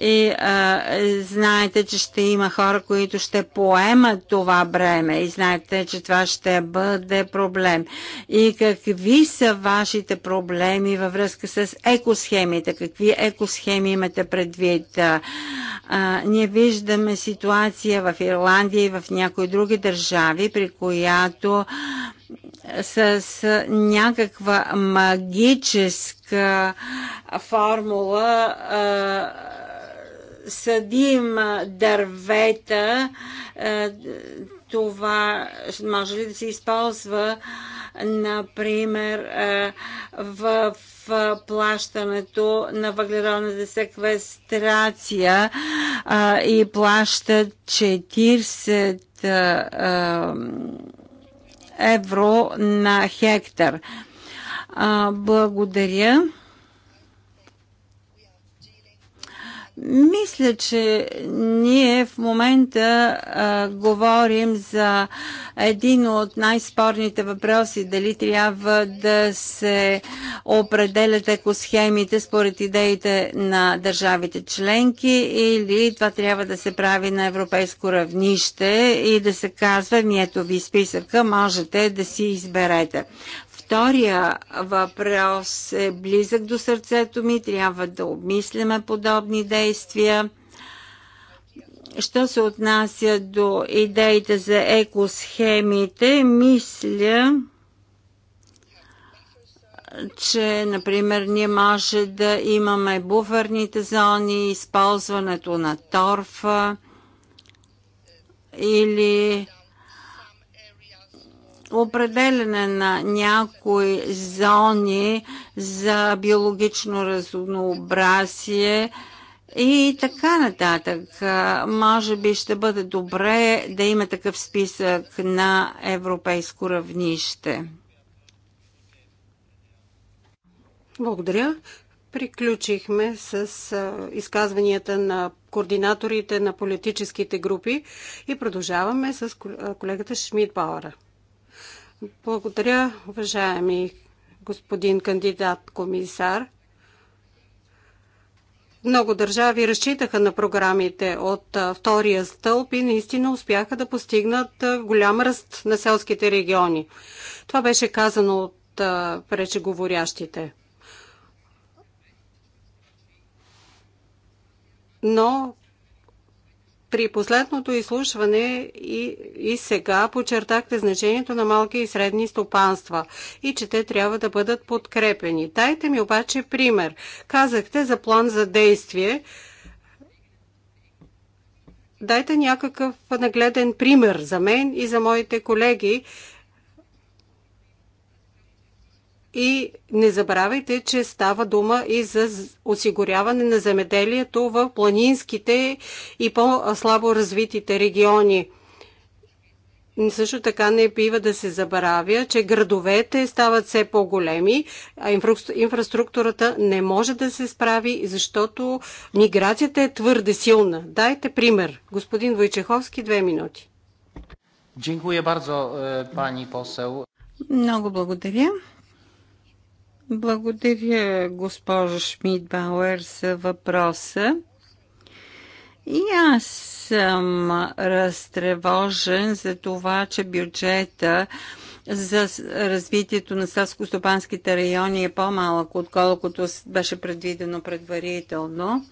И а, знаете, че ще има хора, които ще поемат това бреме и знаете, че това ще бъде проблем. И какви са вашите проблеми във връзка с екосхемите? Какви екосхеми имате предвид? а, ние виждаме ситуация в Ирландия и в някои други държави, при която с, с някаква магическа формула а, съдим дървета, а, това може ли да се използва а, например, е, в плащането на въглеродната секвестрация е, и плащат 40 е, евро на хектар. Благодаря. Мисля, че ние в момента а, говорим за един от най-спорните въпроси дали трябва да се определят екосхемите според идеите на държавите членки или това трябва да се прави на европейско равнище и да се казва, ето ви списъка, можете да си изберете. Втория въпрос е близък до сърцето ми. Трябва да обмисляме подобни действия. Що се отнася до идеите за екосхемите, мисля, че, например, ние може да имаме буферните зони, използването на торфа или определене на някои зони за биологично разнообразие и така нататък. Може би ще бъде добре да има такъв списък на европейско равнище. Благодаря. Приключихме с изказванията на координаторите на политическите групи и продължаваме с колегата Шмидт Бауера. Благодаря, уважаеми господин кандидат комисар. Много държави разчитаха на програмите от втория стълб и наистина успяха да постигнат голям ръст на селските региони. Това беше казано от пречеговорящите. Но при последното изслушване и, и сега подчертахте значението на малки и средни стопанства и че те трябва да бъдат подкрепени. Дайте ми обаче пример. Казахте за план за действие. Дайте някакъв нагледен пример за мен и за моите колеги, и не забравяйте, че става дума и за осигуряване на земеделието в планинските и по-слабо развитите региони. Също така не бива да се забравя, че градовете стават все по-големи, а инфраструктурата не може да се справи, защото миграцията е твърде силна. Дайте пример. Господин Войчеховски, две минути. E, Много благодаря. Благодаря, госпожо Шмидбауер, за въпроса. И аз съм разтревожен за това, че бюджета за развитието на селско-стопанските райони е по-малък, отколкото беше предвидено предварително.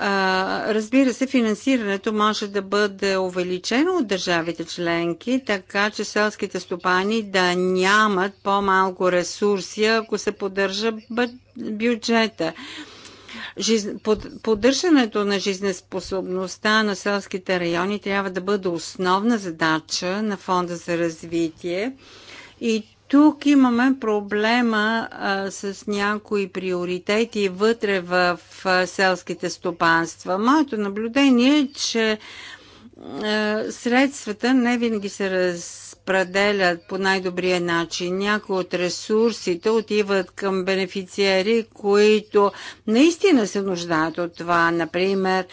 Разбира се, финансирането може да бъде увеличено от държавите членки, така че селските стопани да нямат по-малко ресурси, ако се поддържа бюджета. Поддържането на жизнеспособността на селските райони трябва да бъде основна задача на Фонда за развитие и тук имаме проблема а, с някои приоритети вътре в а, селските стопанства. Моето наблюдение е, че а, средствата не винаги се разпределят по най-добрия начин. Някои от ресурсите отиват към бенефициери, които наистина се нуждаят от това. Например,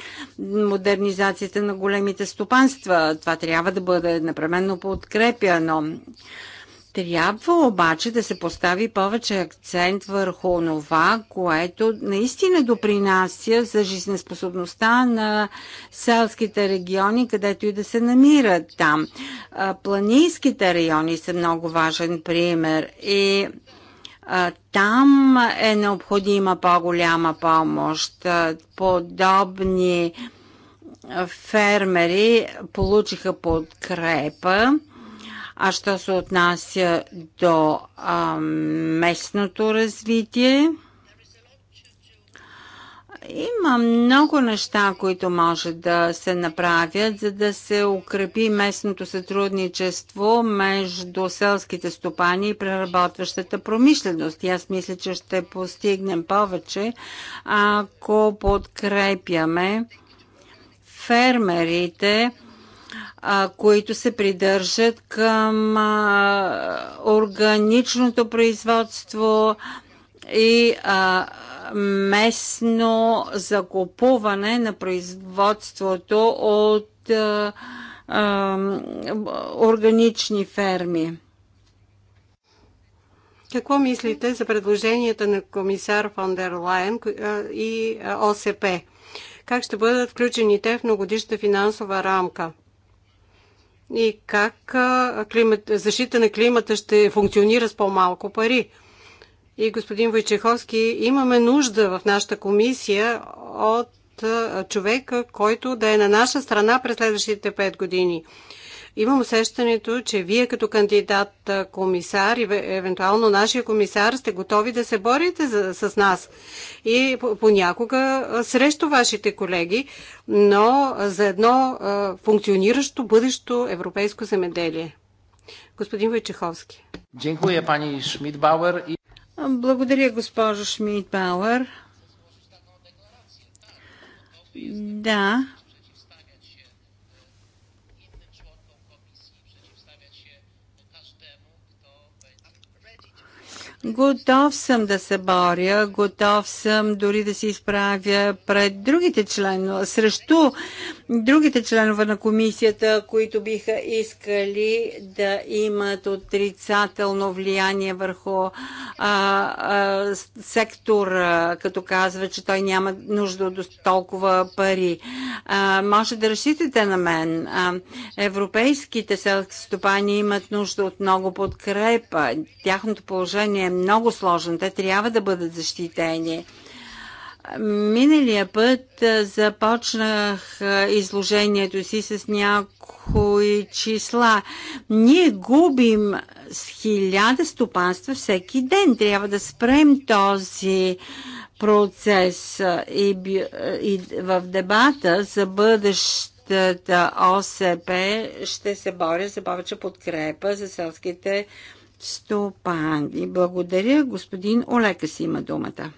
модернизацията на големите стопанства. Това трябва да бъде непременно подкрепяно. Трябва обаче да се постави повече акцент върху това, което наистина допринася за жизнеспособността на селските региони, където и да се намират там. Планинските райони са много важен пример и там е необходима по-голяма помощ. Подобни фермери получиха подкрепа а що се отнася до а, местното развитие, има много неща, които може да се направят, за да се укрепи местното сътрудничество между селските стопани и преработващата промишленост. И аз мисля, че ще постигнем повече, ако подкрепяме фермерите, а, които се придържат към а, органичното производство и а, местно закупуване на производството от а, а, органични ферми. Какво мислите за предложенията на комисар фон дер Лайен и ОСП? Как ще бъдат включени те в многодишната финансова рамка? и как климат, защита на климата ще функционира с по-малко пари. И господин Войчеховски, имаме нужда в нашата комисия от човека, който да е на наша страна през следващите пет години. Имам усещането, че вие като кандидат комисар и евентуално нашия комисар сте готови да се борите за, с нас и понякога срещу вашите колеги, но за едно а, функциониращо бъдещо европейско земеделие. Господин Войчеховски. Дякую, пани Шмидбауер. Благодаря, госпожо Шмидбауер. Да, Готов съм да се боря, готов съм дори да се изправя пред другите членове, срещу другите членове на комисията, които биха искали да имат отрицателно влияние върху а, а, сектора, като казва, че той няма нужда от толкова пари. А, може да разчитате на мен. А, европейските селски стопани имат нужда от много подкрепа. Тяхното положение е много сложно. Те трябва да бъдат защитени. Миналия път започнах изложението си с някои числа. Ние губим с хиляда стопанства всеки ден. Трябва да спрем този процес и, и в дебата за бъдещата ОСП ще се боря за повече подкрепа за селските стопани. Благодаря. Господин Олека си има думата.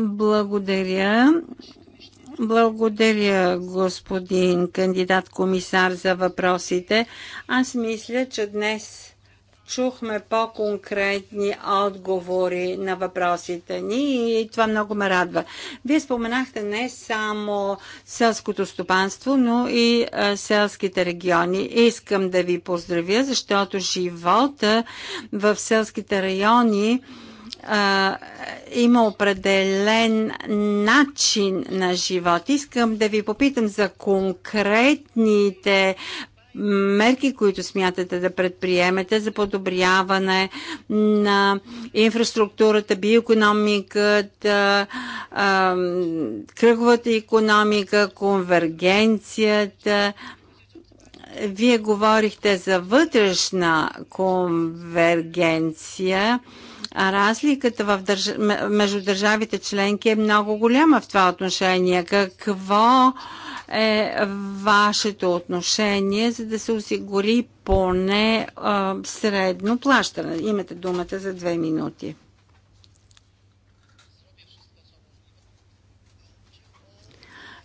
Благодаря. Благодаря, господин кандидат комисар, за въпросите. Аз мисля, че днес чухме по-конкретни отговори на въпросите ни и това много ме радва. Вие споменахте не само селското стопанство, но и селските региони. Искам да ви поздравя, защото живота в селските райони а, има определен начин на живот. Искам да ви попитам за конкретните мерки, които смятате да предприемете за подобряване на инфраструктурата, биоекономиката, кръговата економика, конвергенцията. Вие говорихте за вътрешна конвергенция. Разликата в държ... между държавите членки е много голяма в това отношение. Какво е вашето отношение, за да се осигури поне а, средно плащане? Имате думата за две минути.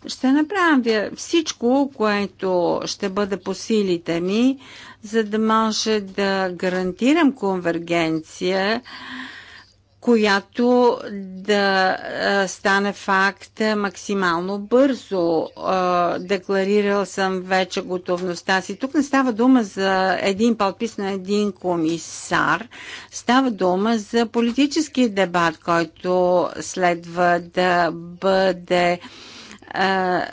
Ще направя всичко, което ще бъде по силите ми, за да може да гарантирам конвергенция която да стане факт максимално бързо. Декларирал съм вече готовността си. Тук не става дума за един подпис на един комисар. Става дума за политически дебат, който следва да бъде да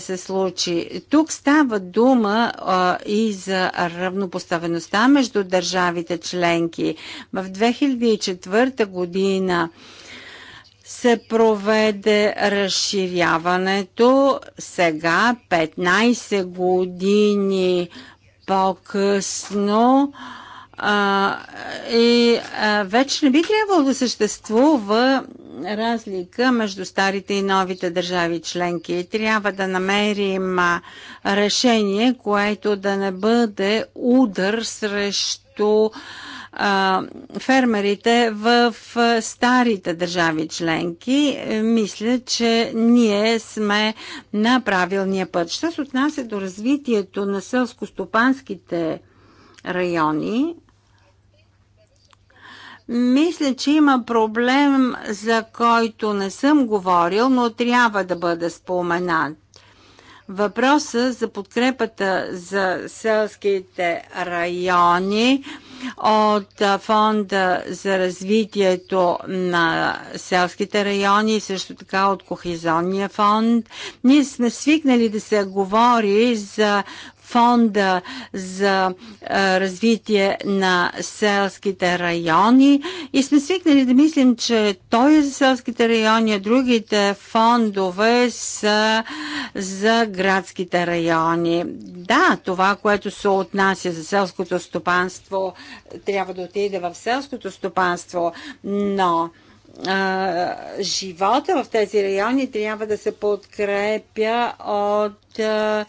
се случи. Тук става дума а, и за равнопоставеността между държавите членки. В 2004 година се проведе разширяването. Сега, 15 години по-късно, а, а, и а, вече не би трябвало да съществува разлика между старите и новите държави членки. Трябва да намерим а, решение, което да не бъде удар срещу а, фермерите в старите държави членки. Е, мисля, че ние сме на правилния път. Що се отнася до развитието на селско-стопанските райони, мисля, че има проблем, за който не съм говорил, но трябва да бъде споменат. Въпроса за подкрепата за селските райони от Фонда за развитието на селските райони и също така от Кохизонния фонд. Ние сме свикнали да се говори за фонда за развитие на селските райони и сме свикнали да мислим, че той е за селските райони, а другите фондове са за градските райони. Да, това, което се отнася за селското стопанство, трябва да отиде в селското стопанство, но живота в тези райони трябва да се подкрепя от а,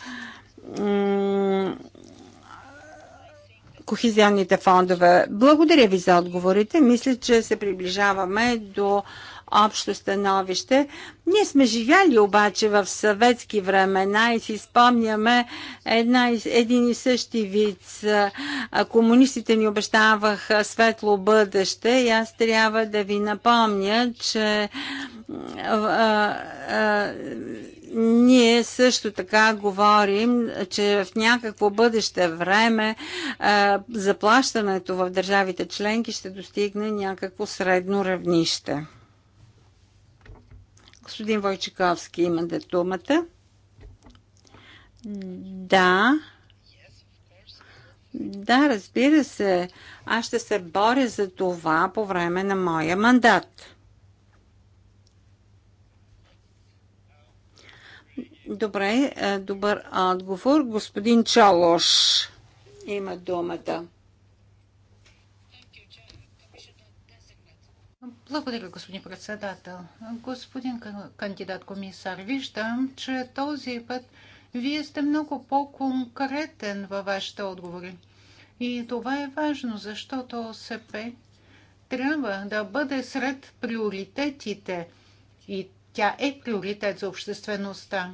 Кохизионните фондове. Благодаря ви за отговорите. Мисля, че се приближаваме до общо становище. Ние сме живяли обаче в съветски времена и си спомняме една, един и същи вид. Комунистите ни обещаваха светло бъдеще и аз трябва да ви напомня, че а, а, ние също така говорим, че в някакво бъдеще време е, заплащането в държавите членки ще достигне някакво средно равнище. Господин Войчиковски има да думата. Да. Да, разбира се. Аз ще се боря за това по време на моя мандат. Добре, е, добър отговор. Господин Чалош има думата. Благодаря, господин председател. Господин кандидат комисар, виждам, че този път вие сте много по-конкретен във вашите отговори. И това е важно, защото ОСП трябва да бъде сред приоритетите и тя е приоритет за обществеността.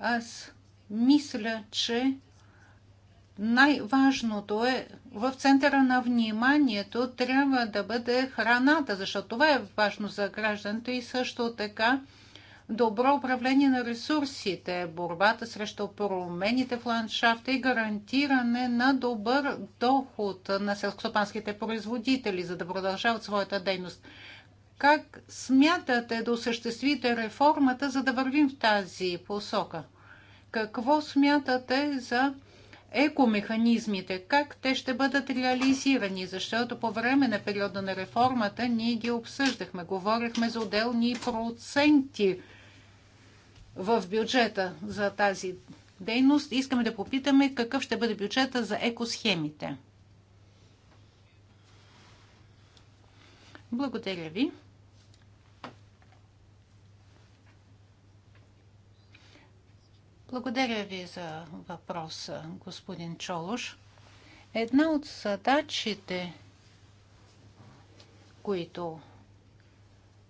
Аз мисля, че най-важното е в центъра на вниманието трябва да бъде храната, защото това е важно за гражданите и също така добро управление на ресурсите, борбата срещу промените в ландшафта и гарантиране на добър доход на селскостопанските производители, за да продължават своята дейност. Как смятате да осъществите реформата, за да вървим в тази посока? Какво смятате за екомеханизмите? Как те ще бъдат реализирани? Защото по време на периода на реформата ние ги обсъждахме, говорихме за отделни проценти в бюджета за тази дейност. Искаме да попитаме какъв ще бъде бюджета за екосхемите. Благодаря ви. Благодаря ви за въпроса, господин Чолош. Една от задачите, които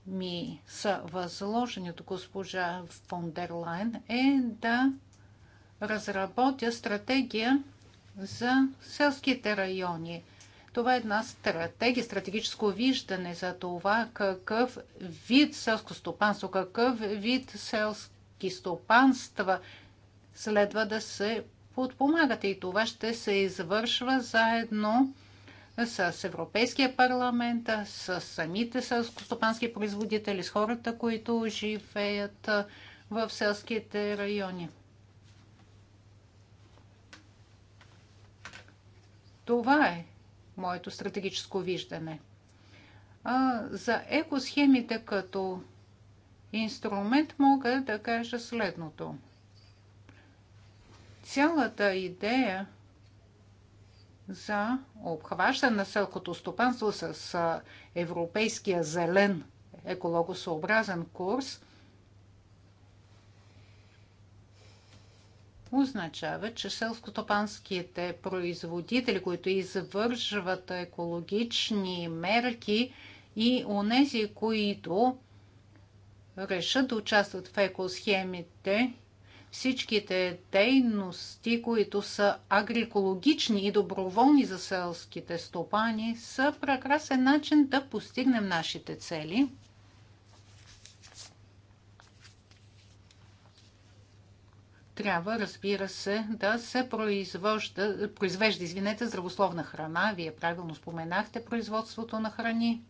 ми са възложени от госпожа фон дер Лайн, е да разработя стратегия за селските райони. Това е една стратегия, стратегическо виждане за това какъв вид селско стопанство, какъв вид селски стопанства следва да се подпомагат и това ще се извършва заедно с Европейския парламент, с самите селскостопански производители, с хората, които живеят в селските райони. Това е моето стратегическо виждане. за екосхемите като инструмент мога да кажа следното – Цялата идея за обхващане на селското стопанство с европейския зелен екологосъобразен курс означава, че селскостопанските производители, които извършват екологични мерки и онези, които решат да участват в екосхемите всичките дейности, които са агрикологични и доброволни за селските стопани, са прекрасен начин да постигнем нашите цели. трябва, разбира се, да се произвежда, произвежда извинете, здравословна храна. Вие правилно споменахте производството на храни.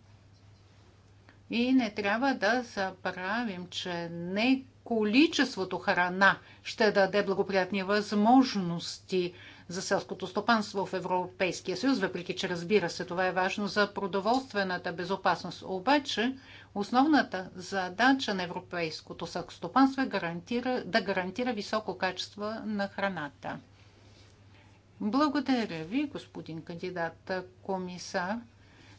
И не трябва да забравим, че не количеството храна ще даде благоприятни възможности за селското стопанство в Европейския съюз, въпреки че разбира се това е важно за продоволствената безопасност. Обаче основната задача на европейското стопанство е гарантира, да гарантира високо качество на храната. Благодаря ви, господин кандидат комисар.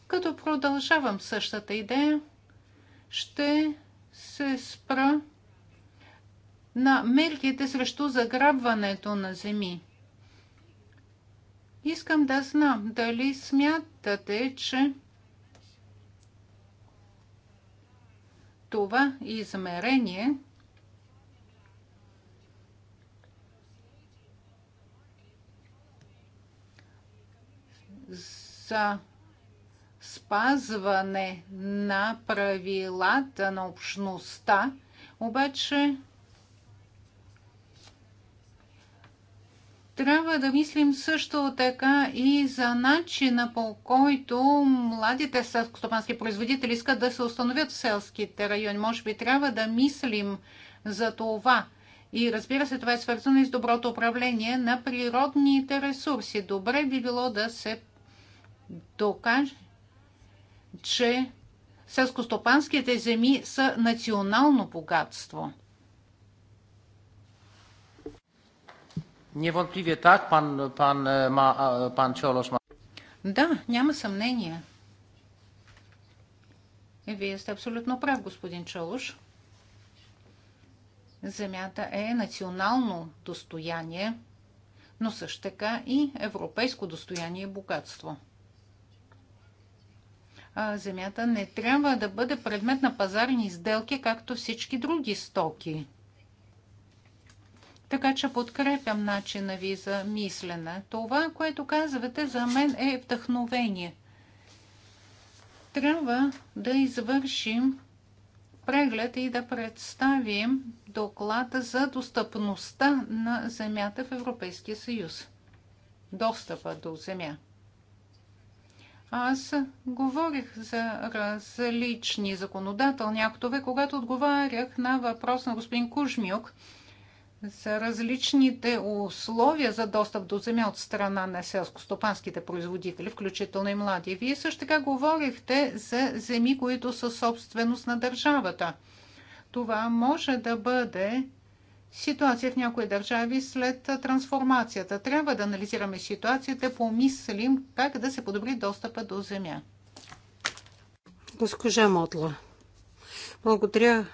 Като продължавам същата идея, ще се спра на мерките срещу заграбването на земи. Искам да знам дали смятате, че това измерение за спазване на правилата на общността, обаче Трябва да мислим също така и за начина по който младите селскостопански производители искат да се установят в селските райони. Може би трябва да мислим за това. И разбира се, това е свързано и с доброто управление на природните ресурси. Добре би било да се докаже, че селскостопанските земи са национално богатство – Niewątpliwie tak, pan, pan, e, ma, pan Ciolosz ma. Да, няма съмнение. Вие сте абсолютно прав, господин Чолош. Земята е национално достояние, но също така и европейско достояние и богатство. А земята не трябва да бъде предмет на пазарни изделки, както всички други стоки – така че подкрепям начина ви за мислене. Това, което казвате, за мен е вдъхновение. Трябва да извършим преглед и да представим доклада за достъпността на земята в Европейския съюз. Достъпа до земя. Аз говорих за различни законодателни актове, когато отговарях на въпрос на господин Кужмюк – за различните условия за достъп до земя от страна на селскостопанските производители, включително и млади. Вие също така говорихте за земи, които са собственост на държавата. Това може да бъде ситуация в някои държави след трансформацията. Трябва да анализираме ситуацията, помислим как да се подобри достъпа до земя. Госпожа Модла, благодаря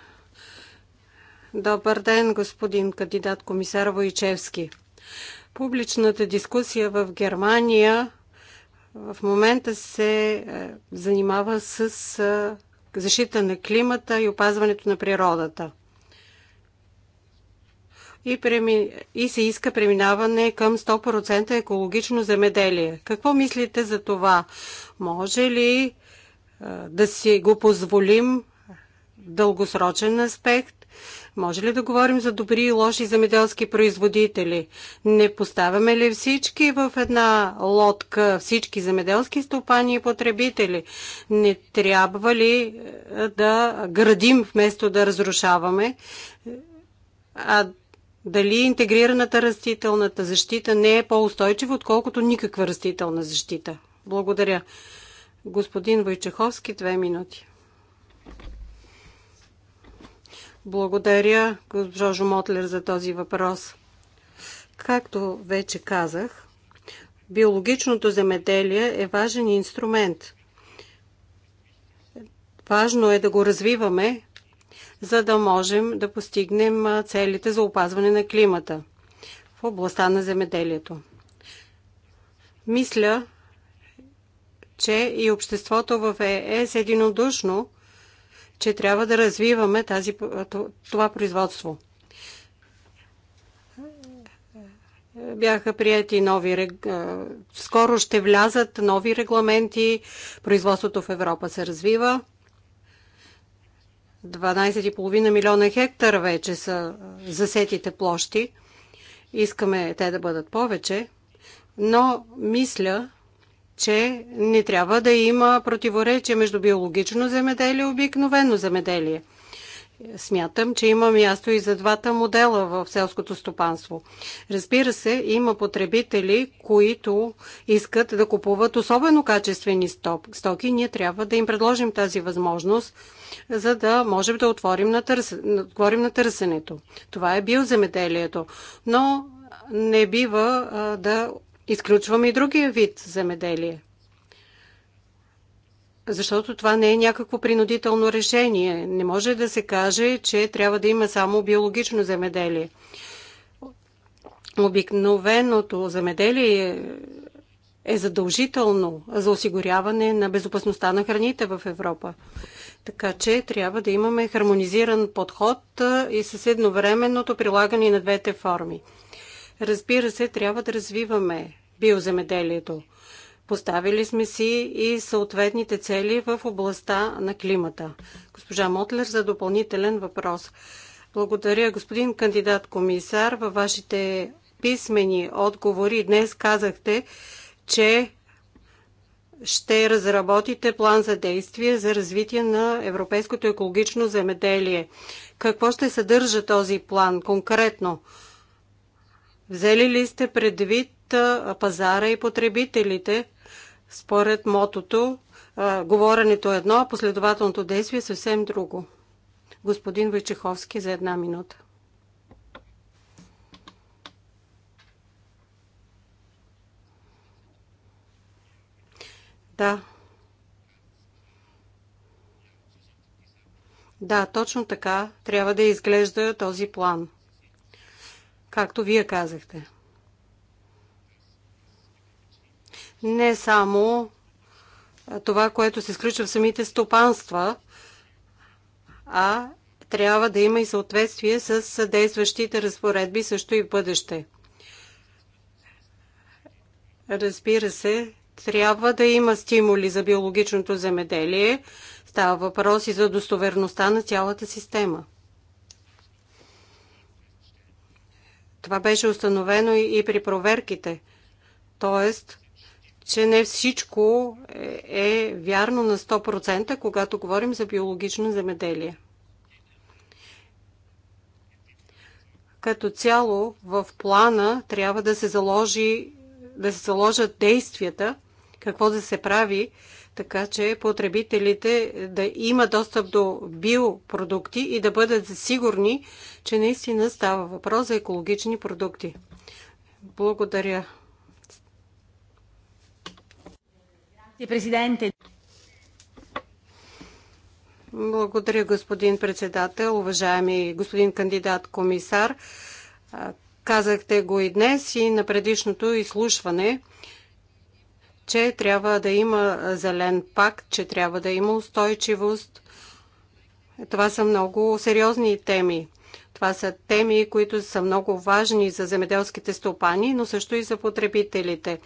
Добър ден, господин кандидат комисар Войчевски. Публичната дискусия в Германия в момента се е, занимава с е, защита на климата и опазването на природата. И, преми... и се иска преминаване към 100% екологично земеделие. Какво мислите за това? Може ли е, да си го позволим в дългосрочен аспект? Може ли да говорим за добри и лоши земеделски производители? Не поставяме ли всички в една лодка, всички земеделски стопани и потребители? Не трябва ли е, да градим вместо да разрушаваме? Е, а дали интегрираната растителната защита не е по-устойчива, отколкото никаква растителна защита? Благодаря. Господин Войчеховски, две минути. Благодаря, госпожо Мотлер, за този въпрос. Както вече казах, биологичното земеделие е важен инструмент. Важно е да го развиваме, за да можем да постигнем целите за опазване на климата в областта на земеделието. Мисля, че и обществото в ЕС е е единодушно че трябва да развиваме тази, това производство. Бяха прияти нови. Скоро ще влязат нови регламенти. Производството в Европа се развива. 12,5 милиона хектара вече са засетите площи. Искаме те да бъдат повече, но мисля, че не трябва да има противоречие между биологично земеделие и обикновено земеделие. Смятам, че има място и за двата модела в селското стопанство. Разбира се, има потребители, които искат да купуват особено качествени стоки. Ние трябва да им предложим тази възможност, за да можем да отворим на, търс... отворим на търсенето. Това е биоземеделието. Но не бива а, да изключваме и другия вид земеделие. Защото това не е някакво принудително решение. Не може да се каже, че трябва да има само биологично земеделие. Обикновеното земеделие е задължително за осигуряване на безопасността на храните в Европа. Така че трябва да имаме хармонизиран подход и с едновременното прилагане на двете форми. Разбира се, трябва да развиваме биоземеделието. Поставили сме си и съответните цели в областта на климата. Госпожа Мотлер за допълнителен въпрос. Благодаря, господин кандидат комисар. Във вашите писмени отговори днес казахте, че ще разработите план за действие за развитие на европейското екологично земеделие. Какво ще съдържа този план конкретно? Взели ли сте предвид пазара и потребителите според мотото говоренето е едно, а последователното действие е съвсем друго? Господин Войчеховски за една минута. Да. Да, точно така трябва да изглежда този план както вие казахте. Не само това, което се изключва в самите стопанства, а трябва да има и съответствие с действащите разпоредби също и в бъдеще. Разбира се, трябва да има стимули за биологичното земеделие. Става въпрос и за достоверността на цялата система. Това беше установено и, и при проверките. Тоест, че не всичко е, е вярно на 100%, когато говорим за биологично земеделие. Като цяло в плана трябва да се заложи да се заложат действията, какво да се прави, така че потребителите да има достъп до биопродукти и да бъдат сигурни, че наистина става въпрос за екологични продукти. Благодаря. Президенте. Благодаря, господин председател, уважаеми господин кандидат комисар. Казахте го и днес и на предишното изслушване – че трябва да има зелен пакт, че трябва да има устойчивост. Това са много сериозни теми. Това са теми, които са много важни за земеделските стопани, но също и за потребителите.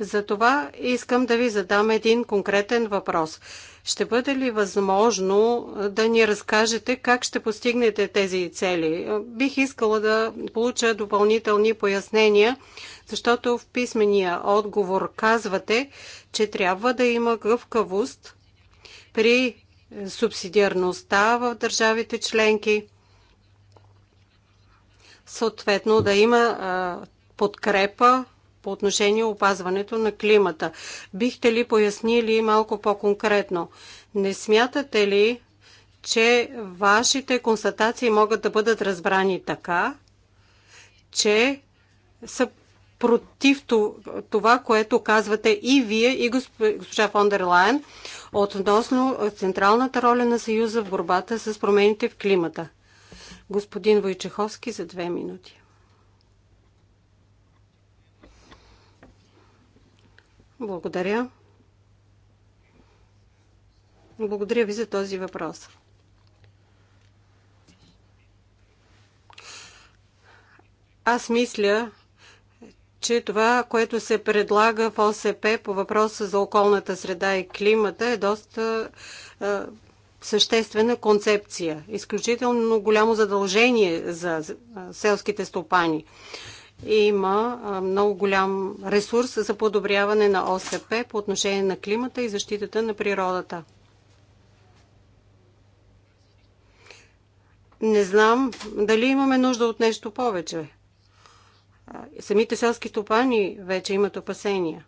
Затова искам да ви задам един конкретен въпрос. Ще бъде ли възможно да ни разкажете как ще постигнете тези цели? Бих искала да получа допълнителни пояснения, защото в писмения отговор казвате, че трябва да има гъвкавост при субсидиарността в държавите членки. Съответно да има подкрепа по отношение опазването на климата. Бихте ли пояснили малко по-конкретно? Не смятате ли, че вашите констатации могат да бъдат разбрани така, че са против това, което казвате и вие, и госпожа Фондер Лайен относно централната роля на Съюза в борбата с промените в климата. Господин Войчеховски за две минути. Благодаря. Благодаря ви за този въпрос. Аз мисля, че това, което се предлага в ОСП по въпроса за околната среда и климата е доста е, съществена концепция. Изключително голямо задължение за селските стопани. Е, има много голям ресурс за подобряване на ОСП по отношение на климата и защитата на природата. Не знам дали имаме нужда от нещо повече. Самите селски стопани вече имат опасения.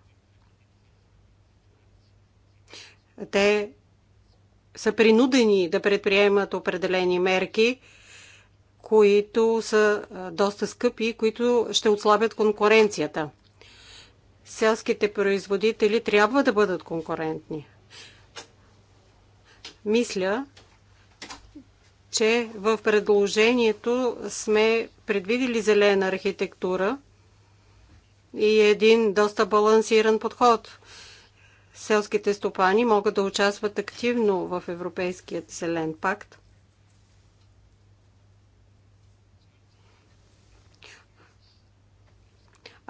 Те са принудени да предприемат определени мерки – които са доста скъпи и които ще отслабят конкуренцията. Селските производители трябва да бъдат конкурентни. Мисля, че в предложението сме предвидили зелена архитектура и един доста балансиран подход. Селските стопани могат да участват активно в Европейският зелен пакт –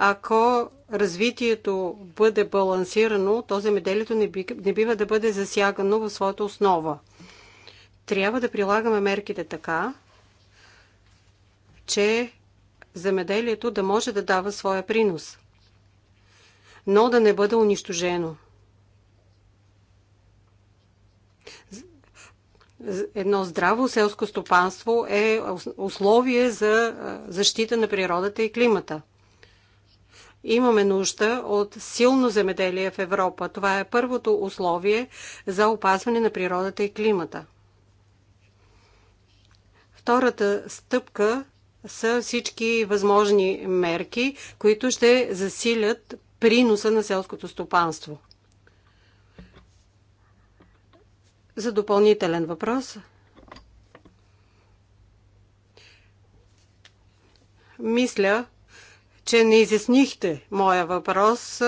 ако развитието бъде балансирано, то земеделието не, би, не бива да бъде засягано в своята основа. Трябва да прилагаме мерките така, че земеделието да може да дава своя принос, но да не бъде унищожено. Едно здраво селско стопанство е условие за защита на природата и климата – Имаме нужда от силно земеделие в Европа. Това е първото условие за опазване на природата и климата. Втората стъпка са всички възможни мерки, които ще засилят приноса на селското стопанство. За допълнителен въпрос. Мисля, че не изяснихте моя въпрос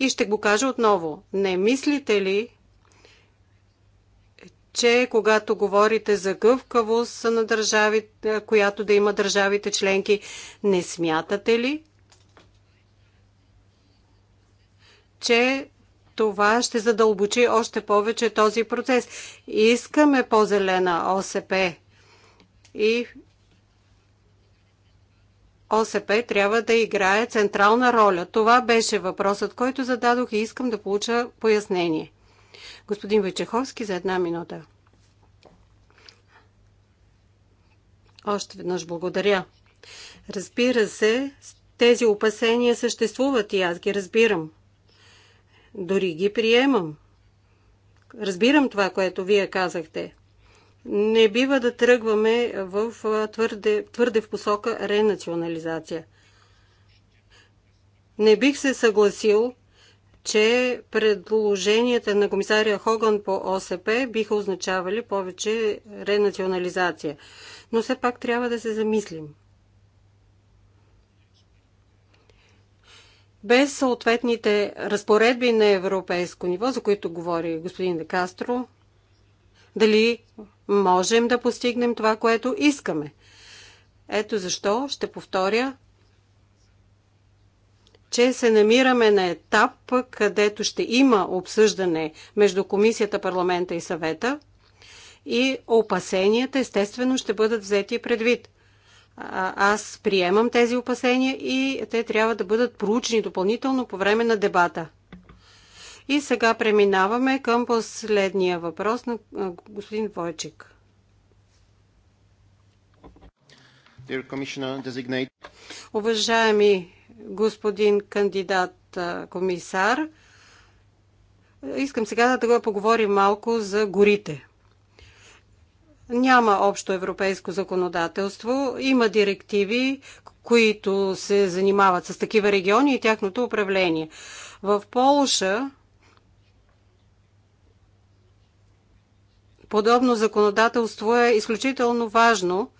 и ще го кажа отново. Не мислите ли, че когато говорите за гъвкавост на държави, е, която да има държавите членки, не смятате ли, че това ще задълбочи още повече този процес. Искаме по-зелена ОСП и ОСП трябва да играе централна роля. Това беше въпросът, който зададох и искам да получа пояснение. Господин Вечеховски за една минута. Още веднъж благодаря. Разбира се, тези опасения съществуват и аз ги разбирам. Дори ги приемам. Разбирам това, което вие казахте не бива да тръгваме в твърде, твърде в посока ренационализация. Не бих се съгласил, че предложенията на комисария Хоган по ОСП биха означавали повече ренационализация. Но все пак трябва да се замислим. Без съответните разпоредби на европейско ниво, за които говори господин Декастро, дали можем да постигнем това, което искаме. Ето защо ще повторя, че се намираме на етап, където ще има обсъждане между Комисията, парламента и съвета и опасенията естествено ще бъдат взети предвид. Аз приемам тези опасения и те трябва да бъдат проучени допълнително по време на дебата. И сега преминаваме към последния въпрос на господин Войчик. Уважаеми господин кандидат комисар, искам сега да го поговорим малко за горите. Няма общо европейско законодателство, има директиви, които се занимават с такива региони и тяхното управление. В Полша подобно законодателство е изключително важно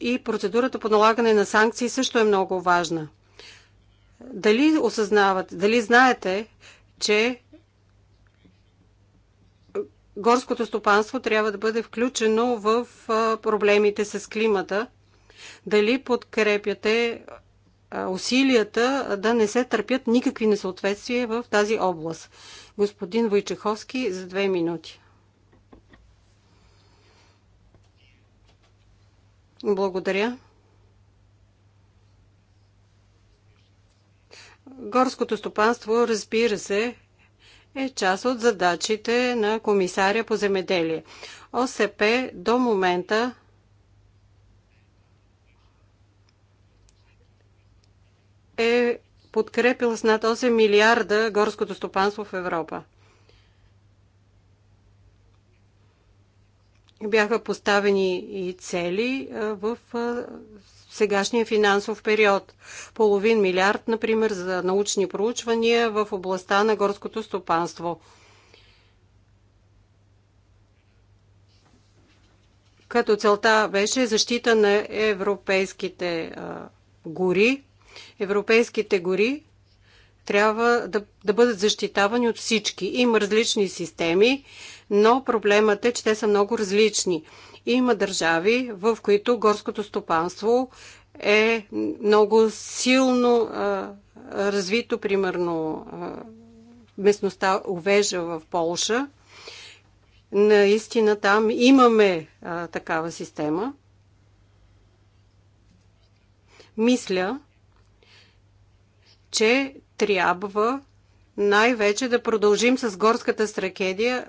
и процедурата по налагане на санкции също е много важна. Дали осъзнавате, дали знаете, че горското стопанство трябва да бъде включено в проблемите с климата? Дали подкрепяте усилията да не се търпят никакви несъответствия в тази област? Господин Войчеховски за две минути. Благодаря. Горското стопанство, разбира се, е част от задачите на комисаря по земеделие. ОСП до момента е подкрепил с над 8 милиарда горското стопанство в Европа. бяха поставени и цели в сегашния финансов период. Половин милиард, например, за научни проучвания в областта на горското стопанство. Като целта беше защита на европейските гори. Европейските гори трябва да, да бъдат защитавани от всички. Има различни системи но проблемът е, че те са много различни. Има държави, в които горското стопанство е много силно а, развито, примерно а, местността Овежа в Полша. Наистина там имаме а, такава система. Мисля, че трябва най-вече да продължим с горската стратегия,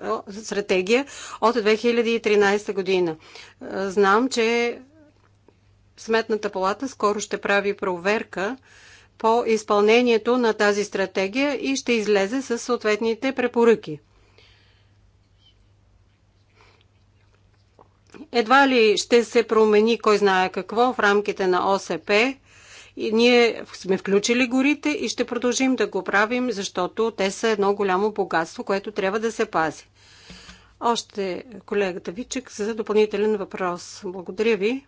от 2013 година. Е, знам, че Сметната палата скоро ще прави проверка по изпълнението на тази стратегия и ще излезе с съответните препоръки. Едва ли ще се промени кой знае какво в рамките на ОСП, и ние сме включили горите и ще продължим да го правим, защото те са едно голямо богатство, което трябва да се пази. Още колегата Вичек за допълнителен въпрос. Благодаря ви.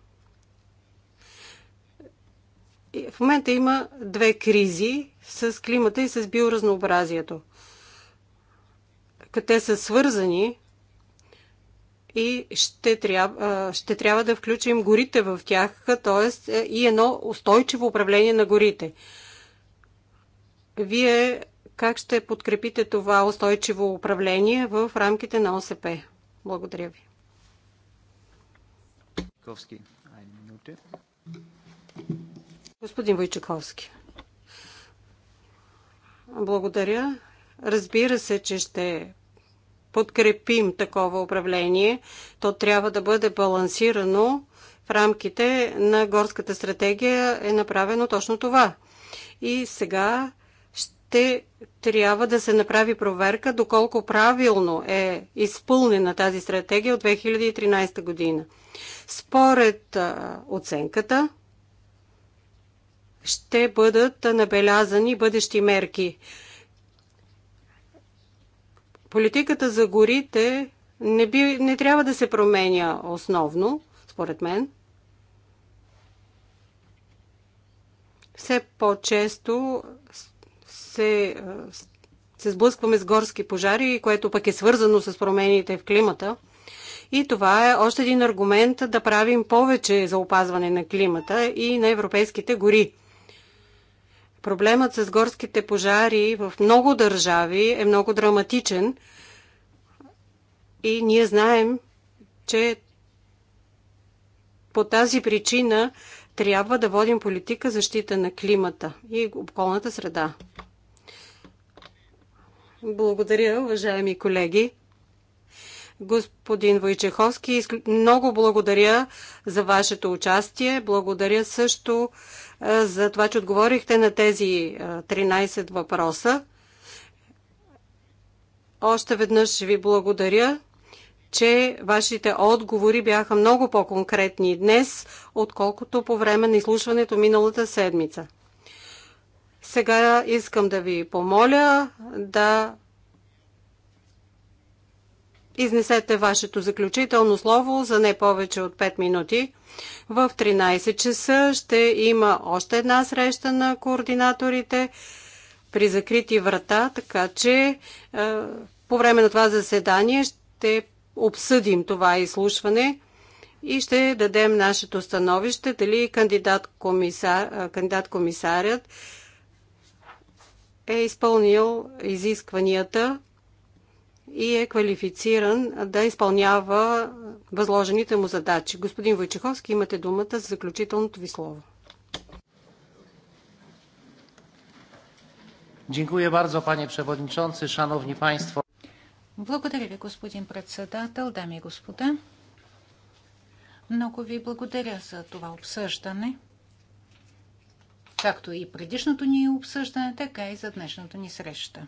В момента има две кризи с климата и с биоразнообразието. Те са свързани и ще трябва, ще трябва да включим горите в тях, т.е. и едно устойчиво управление на горите. Вие как ще подкрепите това устойчиво управление в рамките на ОСП? Благодаря ви. Господин Войчаковски. Благодаря. Разбира се, че ще подкрепим такова управление, то трябва да бъде балансирано в рамките на горската стратегия е направено точно това. И сега ще трябва да се направи проверка доколко правилно е изпълнена тази стратегия от 2013 година. Според оценката ще бъдат набелязани бъдещи мерки. Политиката за горите не, би, не трябва да се променя основно, според мен. Все по-често се, се сблъскваме с горски пожари, което пък е свързано с промените в климата. И това е още един аргумент да правим повече за опазване на климата и на европейските гори. Проблемът с горските пожари в много държави е много драматичен и ние знаем, че по тази причина трябва да водим политика защита на климата и околната среда. Благодаря, уважаеми колеги. Господин Войчеховски, много благодаря за вашето участие. Благодаря също за това, че отговорихте на тези 13 въпроса. Още веднъж ви благодаря, че вашите отговори бяха много по-конкретни днес, отколкото по време на изслушването миналата седмица. Сега искам да ви помоля да Изнесете вашето заключително слово за не повече от 5 минути. В 13 часа ще има още една среща на координаторите при закрити врата, така че е, по време на това заседание ще обсъдим това изслушване и ще дадем нашето становище дали кандидат, комисар, е, кандидат комисарят е изпълнил изискванията и е квалифициран да изпълнява възложените му задачи. Господин Войчеховски, имате думата за заключителното ви слово. Dziękuję bardzo, panie przewodniczący, szanowni państwo. Благодаря ви, господин председател, дами и господа. Много ви благодаря за това обсъждане, както и предишното ни обсъждане, така и за днешното ни среща.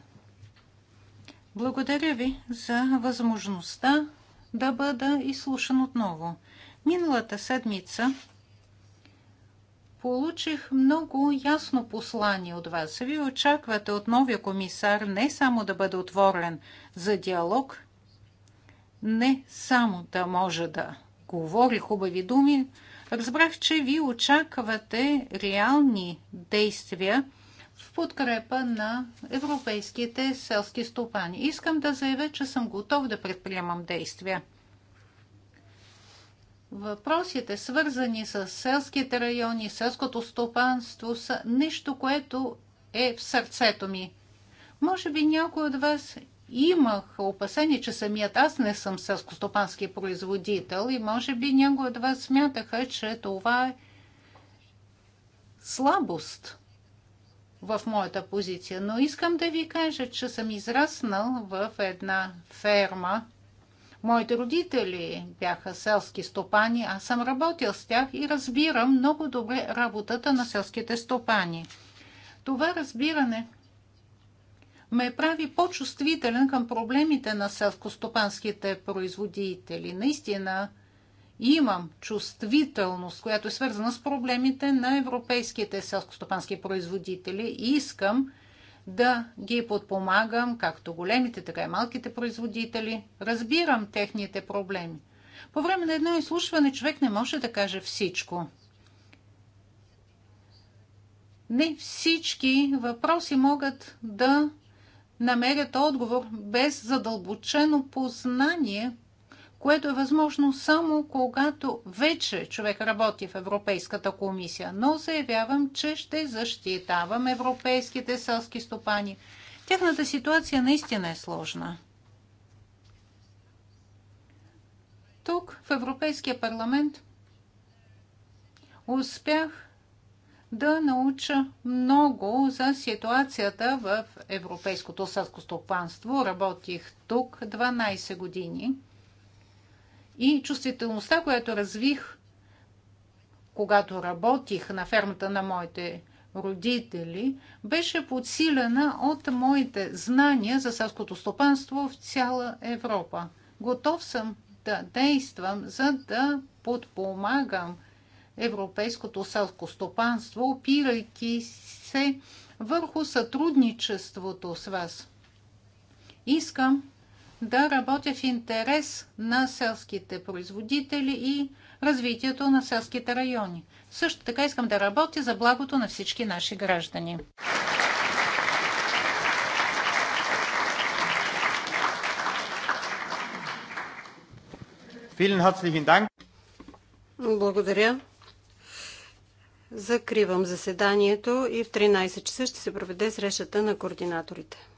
Благодаря ви за възможността да бъда изслушан отново. Миналата седмица получих много ясно послание от вас. Вие очаквате от новия комисар не само да бъде отворен за диалог, не само да може да говори хубави думи, разбрах, че ви очаквате реални действия – в подкрепа на европейските селски стопани. Искам да заявя, че съм готов да предприемам действия. Въпросите, свързани с селските райони, селското стопанство, са нещо, което е в сърцето ми. Може би някой от вас имах опасение, че самият аз не съм селскостопански производител и може би някой от вас смятаха, че това е слабост в моята позиция. Но искам да ви кажа, че съм израснал в една ферма. Моите родители бяха селски стопани, аз съм работил с тях и разбирам много добре работата на селските стопани. Това разбиране ме прави по-чувствителен към проблемите на селскостопанските производители. Наистина, имам чувствителност, която е свързана с проблемите на европейските селскостопански производители и искам да ги подпомагам, както големите, така и малките производители. Разбирам техните проблеми. По време на едно изслушване човек не може да каже всичко. Не всички въпроси могат да намерят отговор без задълбочено познание което е възможно само когато вече човек работи в Европейската комисия. Но заявявам, че ще защитавам европейските селски стопани. Тяхната ситуация наистина е сложна. Тук, в Европейския парламент, успях да науча много за ситуацията в европейското селско стопанство. Работих тук 12 години – и чувствителността, която развих, когато работих на фермата на моите родители, беше подсилена от моите знания за селското стопанство в цяла Европа. Готов съм да действам, за да подпомагам европейското селско стопанство, опирайки се върху сътрудничеството с вас. Искам да работя в интерес на селските производители и развитието на селските райони. Също така искам да работя за благото на всички наши граждани. Благодаря. Закривам заседанието и в 13 часа ще се проведе срещата на координаторите.